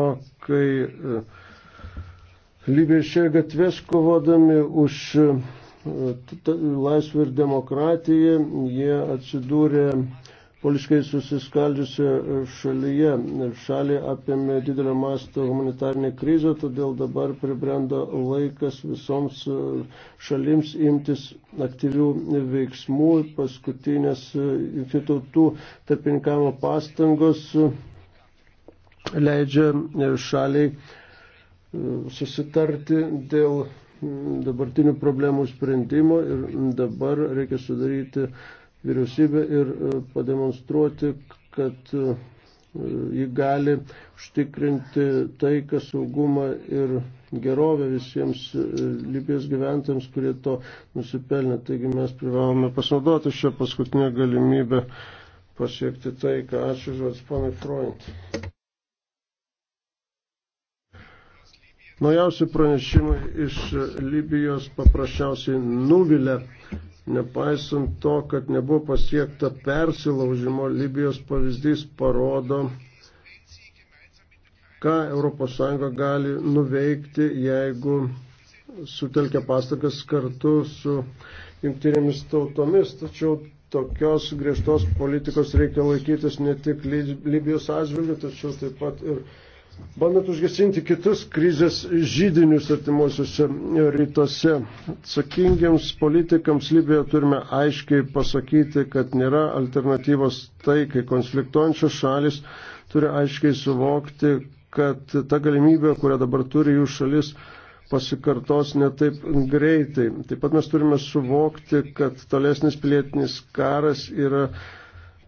kai e, Libija išėjo gatves kovodami už laisvė ir demokratija, jie atsidūrė poliškai susiskaldžiusi šalyje. Šalį apėmė didelio masto humanitarinė krizė, todėl dabar pribrendo laikas visoms šalims imtis aktyvių veiksmų. Paskutinės kitautų tarpininkavimo pastangos leidžia šaliai susitarti dėl dabartinių problemų sprendimo ir dabar reikia sudaryti vyriausybę ir e, pademonstruoti, kad e, ji gali užtikrinti taiką, saugumą ir gerovę visiems e, Libijos gyventams, kurie to nusipelnė. Taigi mes privalome pasinaudoti šią paskutinę galimybę pasiekti taiką. Ačiū žodis, panai Freund. Naujausi pranešimai iš Libijos paprasčiausiai nuvilia, nepaisant to, kad nebuvo pasiekta persilaužimo, Libijos pavyzdys parodo, ką ES gali nuveikti, jeigu sutelkia pastakas kartu su jungtinėmis tautomis. Tačiau tokios griežtos politikos reikia laikytis ne tik Libijos atžvilgių, tačiau taip pat ir bandant užgesinti kitus krizės žydinius artimuosiuose rytuose. Atsakingiams politikams Libijoje turime aiškiai pasakyti, kad nėra alternatyvos taikai. Konfliktuojančios šalis turi aiškiai suvokti, kad ta galimybė, kurią dabar turi jų šalis, pasikartos netaip greitai. Taip pat mes turime suvokti, kad tolesnis pilietinis karas yra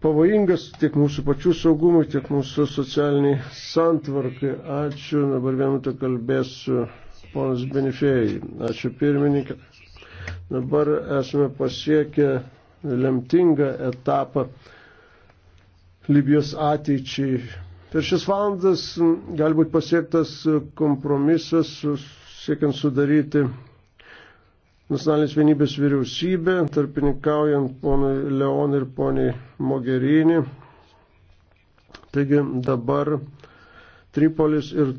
pavojingas tiek mūsų pačių saugumui, tiek mūsų socialiniai santvarkai. Ačiū, dabar vienu te kalbėsiu ponas Benifėjai. Ačiū pirmininkė. Dabar esame pasiekę lemtingą etapą Libijos ateičiai. Per šis valandas gali būti pasiektas kompromisas siekiant sudaryti nacionalinės vienybės vyriausybė, tarpininkaujant ponui Leon ir poniai Mogherini. Taigi dabar Tripolis ir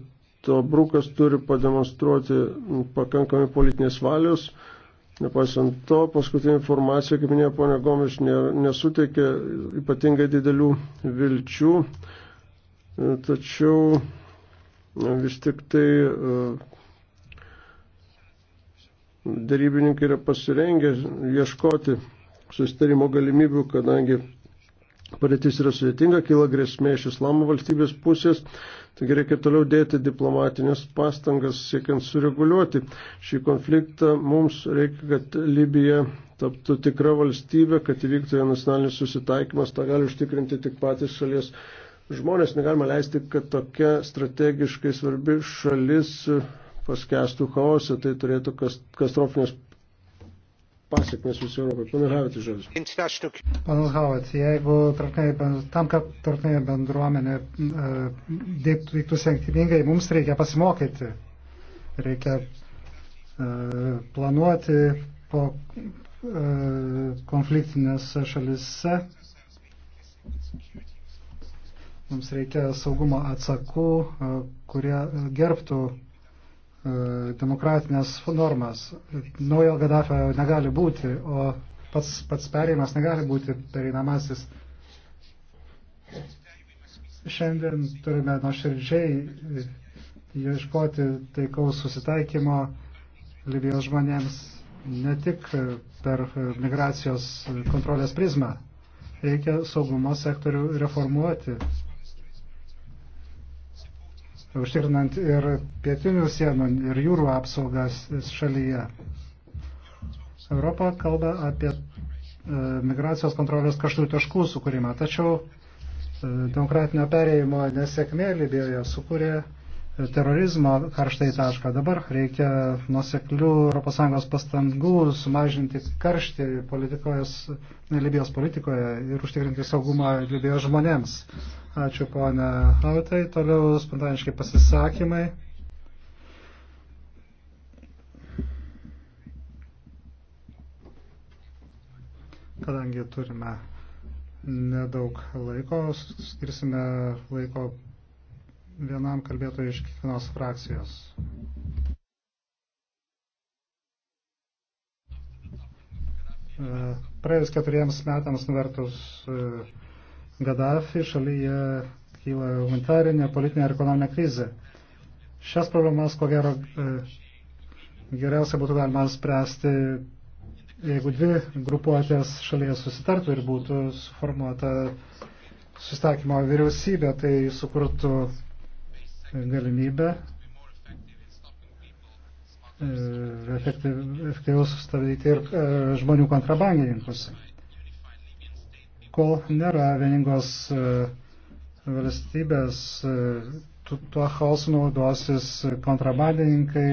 Tobrukas turi pademonstruoti pakankamai politinės valios. Nepaisant to, paskutinė informacija, kaip minėjo ponia Gomiš, nesuteikė ypatingai didelių vilčių, tačiau vis tik tai darybininkai yra pasirengę ieškoti susitarimo galimybių, kadangi padėtis yra sudėtinga, kyla grėsmė iš islamo valstybės pusės, taigi reikia toliau dėti diplomatinės pastangas siekiant sureguliuoti šį konfliktą. Mums reikia, kad Libija taptų tikra valstybė, kad įvyktų jo nacionalinis susitaikymas, tą gali užtikrinti tik patys šalies. Žmonės negalima leisti, kad tokia strategiškai svarbi šalis paskestų chaose, tai turėtų katastrofinės pasiekmes visų Europai. Panas Havits žodis. Panas Havits, jeigu tam, kad tarptautinė bendruomenė e, dėktų, vyktų sėkmingai, mums reikia pasimokyti. Reikia e, planuoti po e, konfliktinės šalise. Mums reikia saugumo atsakų, kurie gerbtų E, demokratinės normas. Naujo Gaddafio negali būti, o pats, pats perėjimas negali būti pereinamasis. Šiandien turime nuoširdžiai ieškoti taikaus susitaikymo Libijos žmonėms ne tik per migracijos kontrolės prizmą. Reikia saugumo sektorių reformuoti užtikrinant ir pietinių sienų, ir jūrų apsaugas šalyje. Europa kalba apie e, migracijos kontrolės kaštų taškų sukūrimą, tačiau e, demokratinio perėjimo nesėkmė Libijoje sukūrė e, terorizmo karštai tašką. Dabar reikia nuseklių ES pastangų sumažinti karštį politikos, Libijos politikoje ir užtikrinti saugumą Libijos žmonėms. Ačiū ponia Hautai. Toliau spontaniškai pasisakymai. Kadangi turime nedaug laiko, skirsime laiko vienam kalbėtojui iš kiekvienos frakcijos. E, praėjus keturiems metams nuvertus e, Gaddafi šalyje kyla humanitarinė, politinė ir ekonominė krizė. Šias problemas, ko gero, e, geriausia būtų galima spręsti, jeigu dvi grupuotės šalyje susitartų ir būtų suformuota sustakymo vyriausybė, tai sukurtų galimybę e, efektyviau sustabdyti ir e, žmonių kontrabandininkus. Kol nėra vieningos e, valstybės, e, tuo chaosu naudosis kontrabandininkai,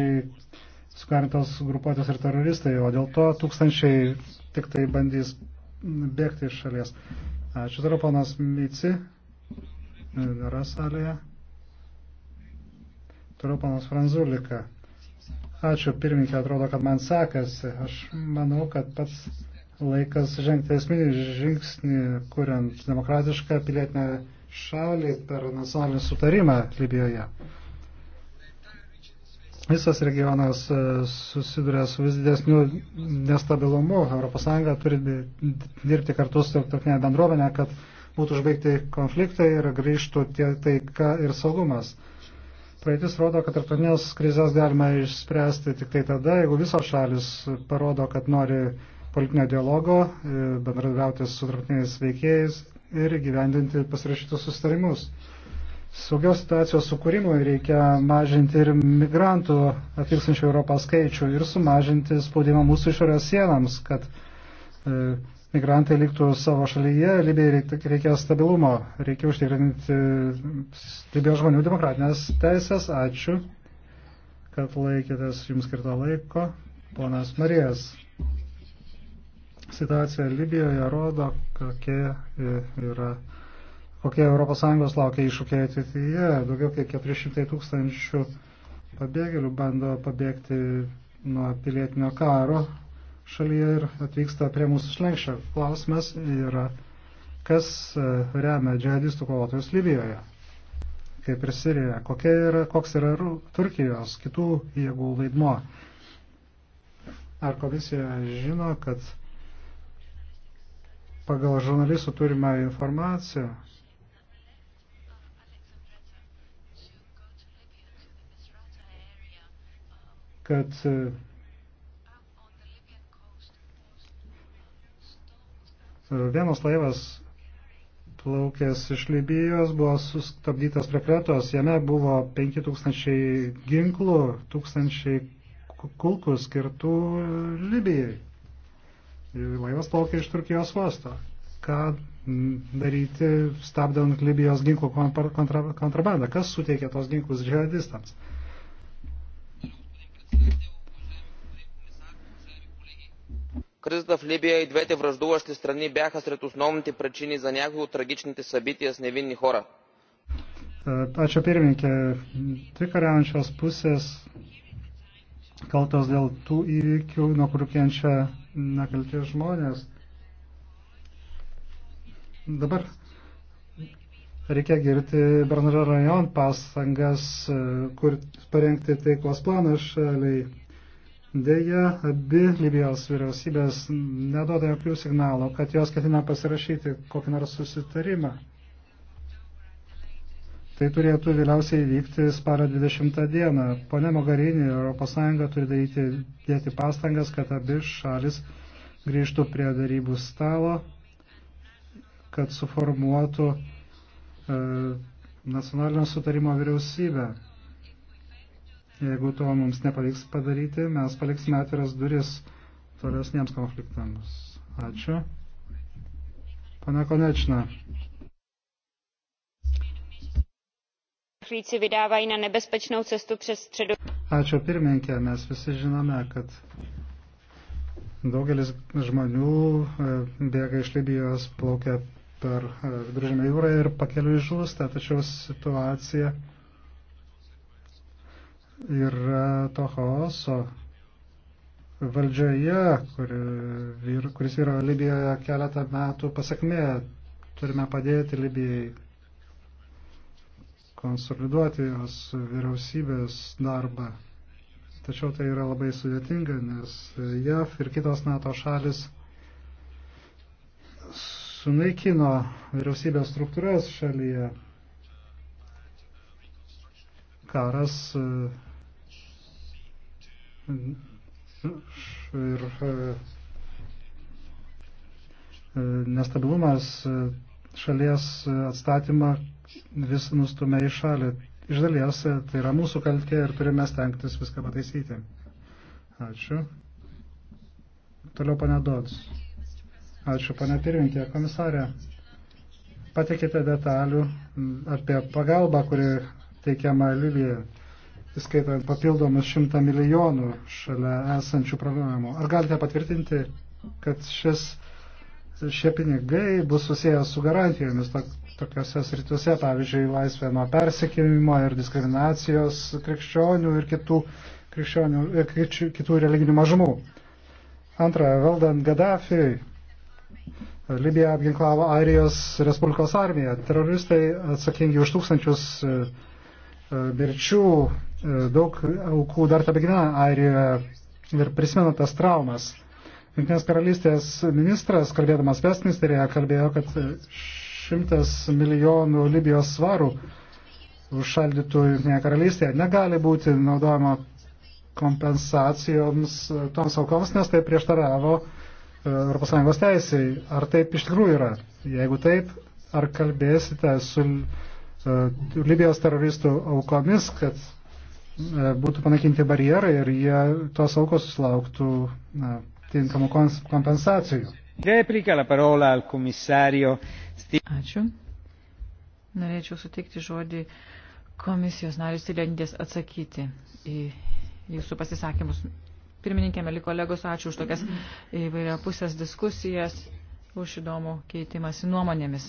sukarintos grupuotės ir teroristai, o dėl to tūkstančiai tik tai bandys bėgti iš šalies. Ačiū dar ponas Mici, nėra e, salėje. Turiu panas Franzulika. Ačiū pirmininkė, atrodo, kad man sekasi. Aš manau, kad pats laikas žengti esminį žingsnį, kuriant demokratišką pilietinę šalį per nacionalinį sutarimą Libijoje. Visas regionas e, susiduria su vis didesniu nestabilumu. ES turi dirbti kartu su tarptautinė bendruomenė, kad būtų užbaigti konfliktai ir grįžtų taika ir saugumas. Praeitis rodo, kad tarptautinės krizės galima išspręsti tik tai tada, jeigu visos šalis parodo, kad nori politinio dialogo, e, bendradarbiauti su tarptautiniais veikėjais ir gyvendinti pasirašytus sustarimus. Saugios situacijos sukūrimui reikia mažinti ir migrantų atvykstančių Europą skaičių ir sumažinti spaudimą mūsų išorės sienams, kad e, migrantai liktų savo šalyje, Libijai reikia stabilumo, reikia užtikrinti Libijos žmonių demokratinės teisės. Ačiū, kad laikėtės jums skirto laiko. Ponas Marijas. Situacija Libijoje rodo, kokie e, yra kokie ES laukia iššūkiai ateityje. Daugiau kaip 400 tūkstančių pabėgėlių bando pabėgti nuo pilietinio karo šalyje ir atvyksta prie mūsų šlenkščio. Klausimas yra, kas e, remia džihadistų kovotojus Libijoje, kaip ir Sirijoje. Kokia yra, koks yra Turkijos kitų jėgų vaidmo? Ar komisija žino, kad pagal žurnalistų turimą informaciją, kad e, vienas laivas plaukęs iš Libijos buvo sustabdytas prie Kretos, jame buvo 5000 ginklų, 1000 kulkų skirtų Libijai laivas plaukia iš Turkijos uosto. Ką daryti, stabdant Libijos ginklų kontra, kontrabandą? Kas suteikia tos ginklus džihadistams? Кризата в Либия и двете враждуващи страни бяха сред основните причини за някои от трагичните събития с невинни хора. Ačiū pirmininkė. Dvi kariaujančios pusės kaltos dėl tų įvykių, nuo kurių kenčia nekalti žmonės. Dabar reikia girti Bernardo rajon pastangas, e, kur parengti taikos planą šaliai. Deja, abi Libijos vyriausybės neduoda jokių signalų, kad jos ketina pasirašyti kokį nors susitarimą. Tai turėtų vėliausiai vykti spalio 20 dieną. Pone Mogarinė, ES turi daryti, dėti pastangas, kad abi šalis grįžtų prie darybų stalo, kad suformuotų e, nacionalinio sutarimo vyriausybę. Jeigu to mums nepavyks padaryti, mes paliksime atviras duris tolesniems konfliktams. Ačiū. Pane Konečna. uprchlíci vydávají na nebezpečnou cestu přes středu. Ačiū pirmininkė, mes visi žinome, kad daugelis žmonių e, bėga iš Libijos, plaukia per e, viduržėmę jūrą ir pakeliui žūsta, tačiau situacija yra to chaoso valdžioje, kur, kuris yra Libijoje keletą metų pasakmė. Turime padėti Libijai konsoliduoti jos vyriausybės darbą. Tačiau tai yra labai sudėtinga, nes JAV ir kitos NATO šalis sunaikino vyriausybės struktūras šalyje. Karas ir e, nestabilumas šalies atstatymą vis nustumia į šalį. Iš dalies e, tai yra mūsų kaltė ir turime stengtis viską pataisyti. Ačiū. Toliau pane Dodds. Ačiū pane pirmininkė, komisarė. Patikite detalių apie pagalbą, kuri teikiama Libijai, įskaitant papildomus šimtą milijonų šalia esančių programų. Ar galite patvirtinti, kad šis šie pinigai bus susijęs su garantijomis, tokiuose srityse, pavyzdžiui, laisvė nuo persekėjimo ir diskriminacijos krikščionių ir kitų, krikščionių, kitų religinių mažumų. Antra, valdant Gaddafi, Libija apginklavo Airijos Respublikos armiją. Teroristai atsakingi už tūkstančius e, e, mirčių, e, daug aukų dar tebegyvena Airijoje ir prisimena tas traumas. Junktinės karalystės ministras, kalbėdamas Westminsteryje, kalbėjo, kad šimtas milijonų Libijos svarų užšaldytų Junktinėje karalystėje negali būti naudojama kompensacijoms toms aukoms, nes tai prieštaravo e, ES teisėjai. Ar taip iš tikrųjų yra? Jeigu taip, ar kalbėsite su e, Libijos teroristų aukomis, kad e, būtų panaikinti barjerai ir jie tos aukos susilauktų tinkamų kompensacijų? Replika la parola al komisario. Ačiū. Norėčiau suteikti žodį komisijos narius Tilendės atsakyti į jūsų pasisakymus. Pirmininkė, meli kolegos, ačiū už tokias įvairia pusės diskusijas, už įdomų keitimąsi nuomonėmis,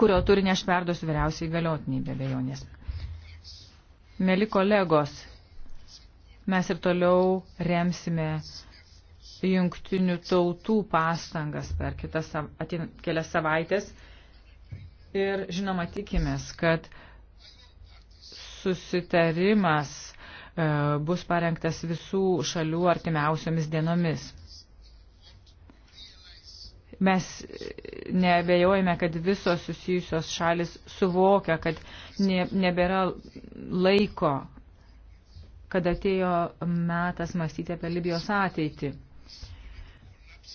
kurio turinį aš perduosiu vyriausiai galiotiniai be bejonės. Meli kolegos, mes ir toliau remsime jungtinių tautų pastangas per kitas, atin, kelias savaitės. Ir žinoma, tikimės, kad susitarimas e, bus parengtas visų šalių artimiausiomis dienomis. Mes nebejojame, kad visos susijusios šalis suvokia, kad ne, nebėra laiko, kad atėjo metas mąstyti apie Libijos ateitį.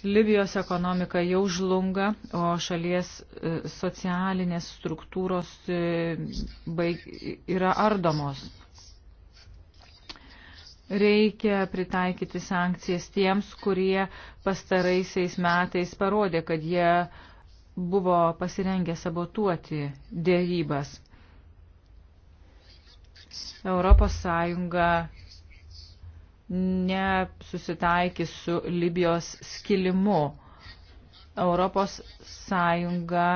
Libijos ekonomika jau žlunga, o šalies e, socialinės struktūros e, baig, yra ardomos. Reikia pritaikyti sankcijas tiems, kurie pastaraisiais metais parodė, kad jie buvo pasirengę sabotuoti dėrybas. Europos Sąjunga nesusitaikys su Libijos skilimu. Europos Sąjunga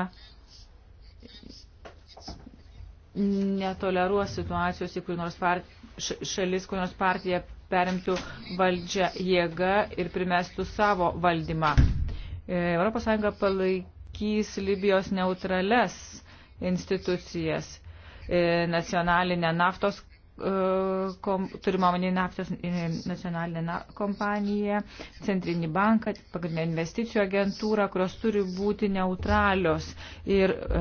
netoleruos situacijos, į kur nors part, šalis, kur nors partija perimtų valdžią jėgą ir primestų savo valdymą. E, Europos Sąjunga palaikys Libijos neutrales institucijas, e, nacionalinę naftos E, turime omeny naftos e, nacionalinę kompaniją, centrinį banką, pagrindinę investicijų agentūrą, kurios turi būti neutralios ir e,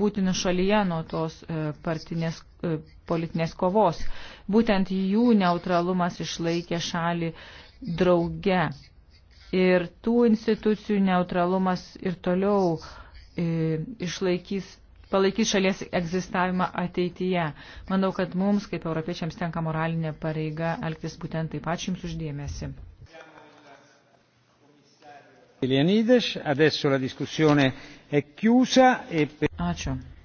būti nušalyje nuo tos partinės politinės kovos. Būtent jų neutralumas išlaikė šalį drauge. Ir tų institucijų neutralumas ir toliau išlaikys palaikys šalies egzistavimą ateityje. Manau, kad mums, kaip europiečiams, tenka moralinė pareiga elgtis būtent taip. Ačiū Jums uždėmesi. E Ačiū.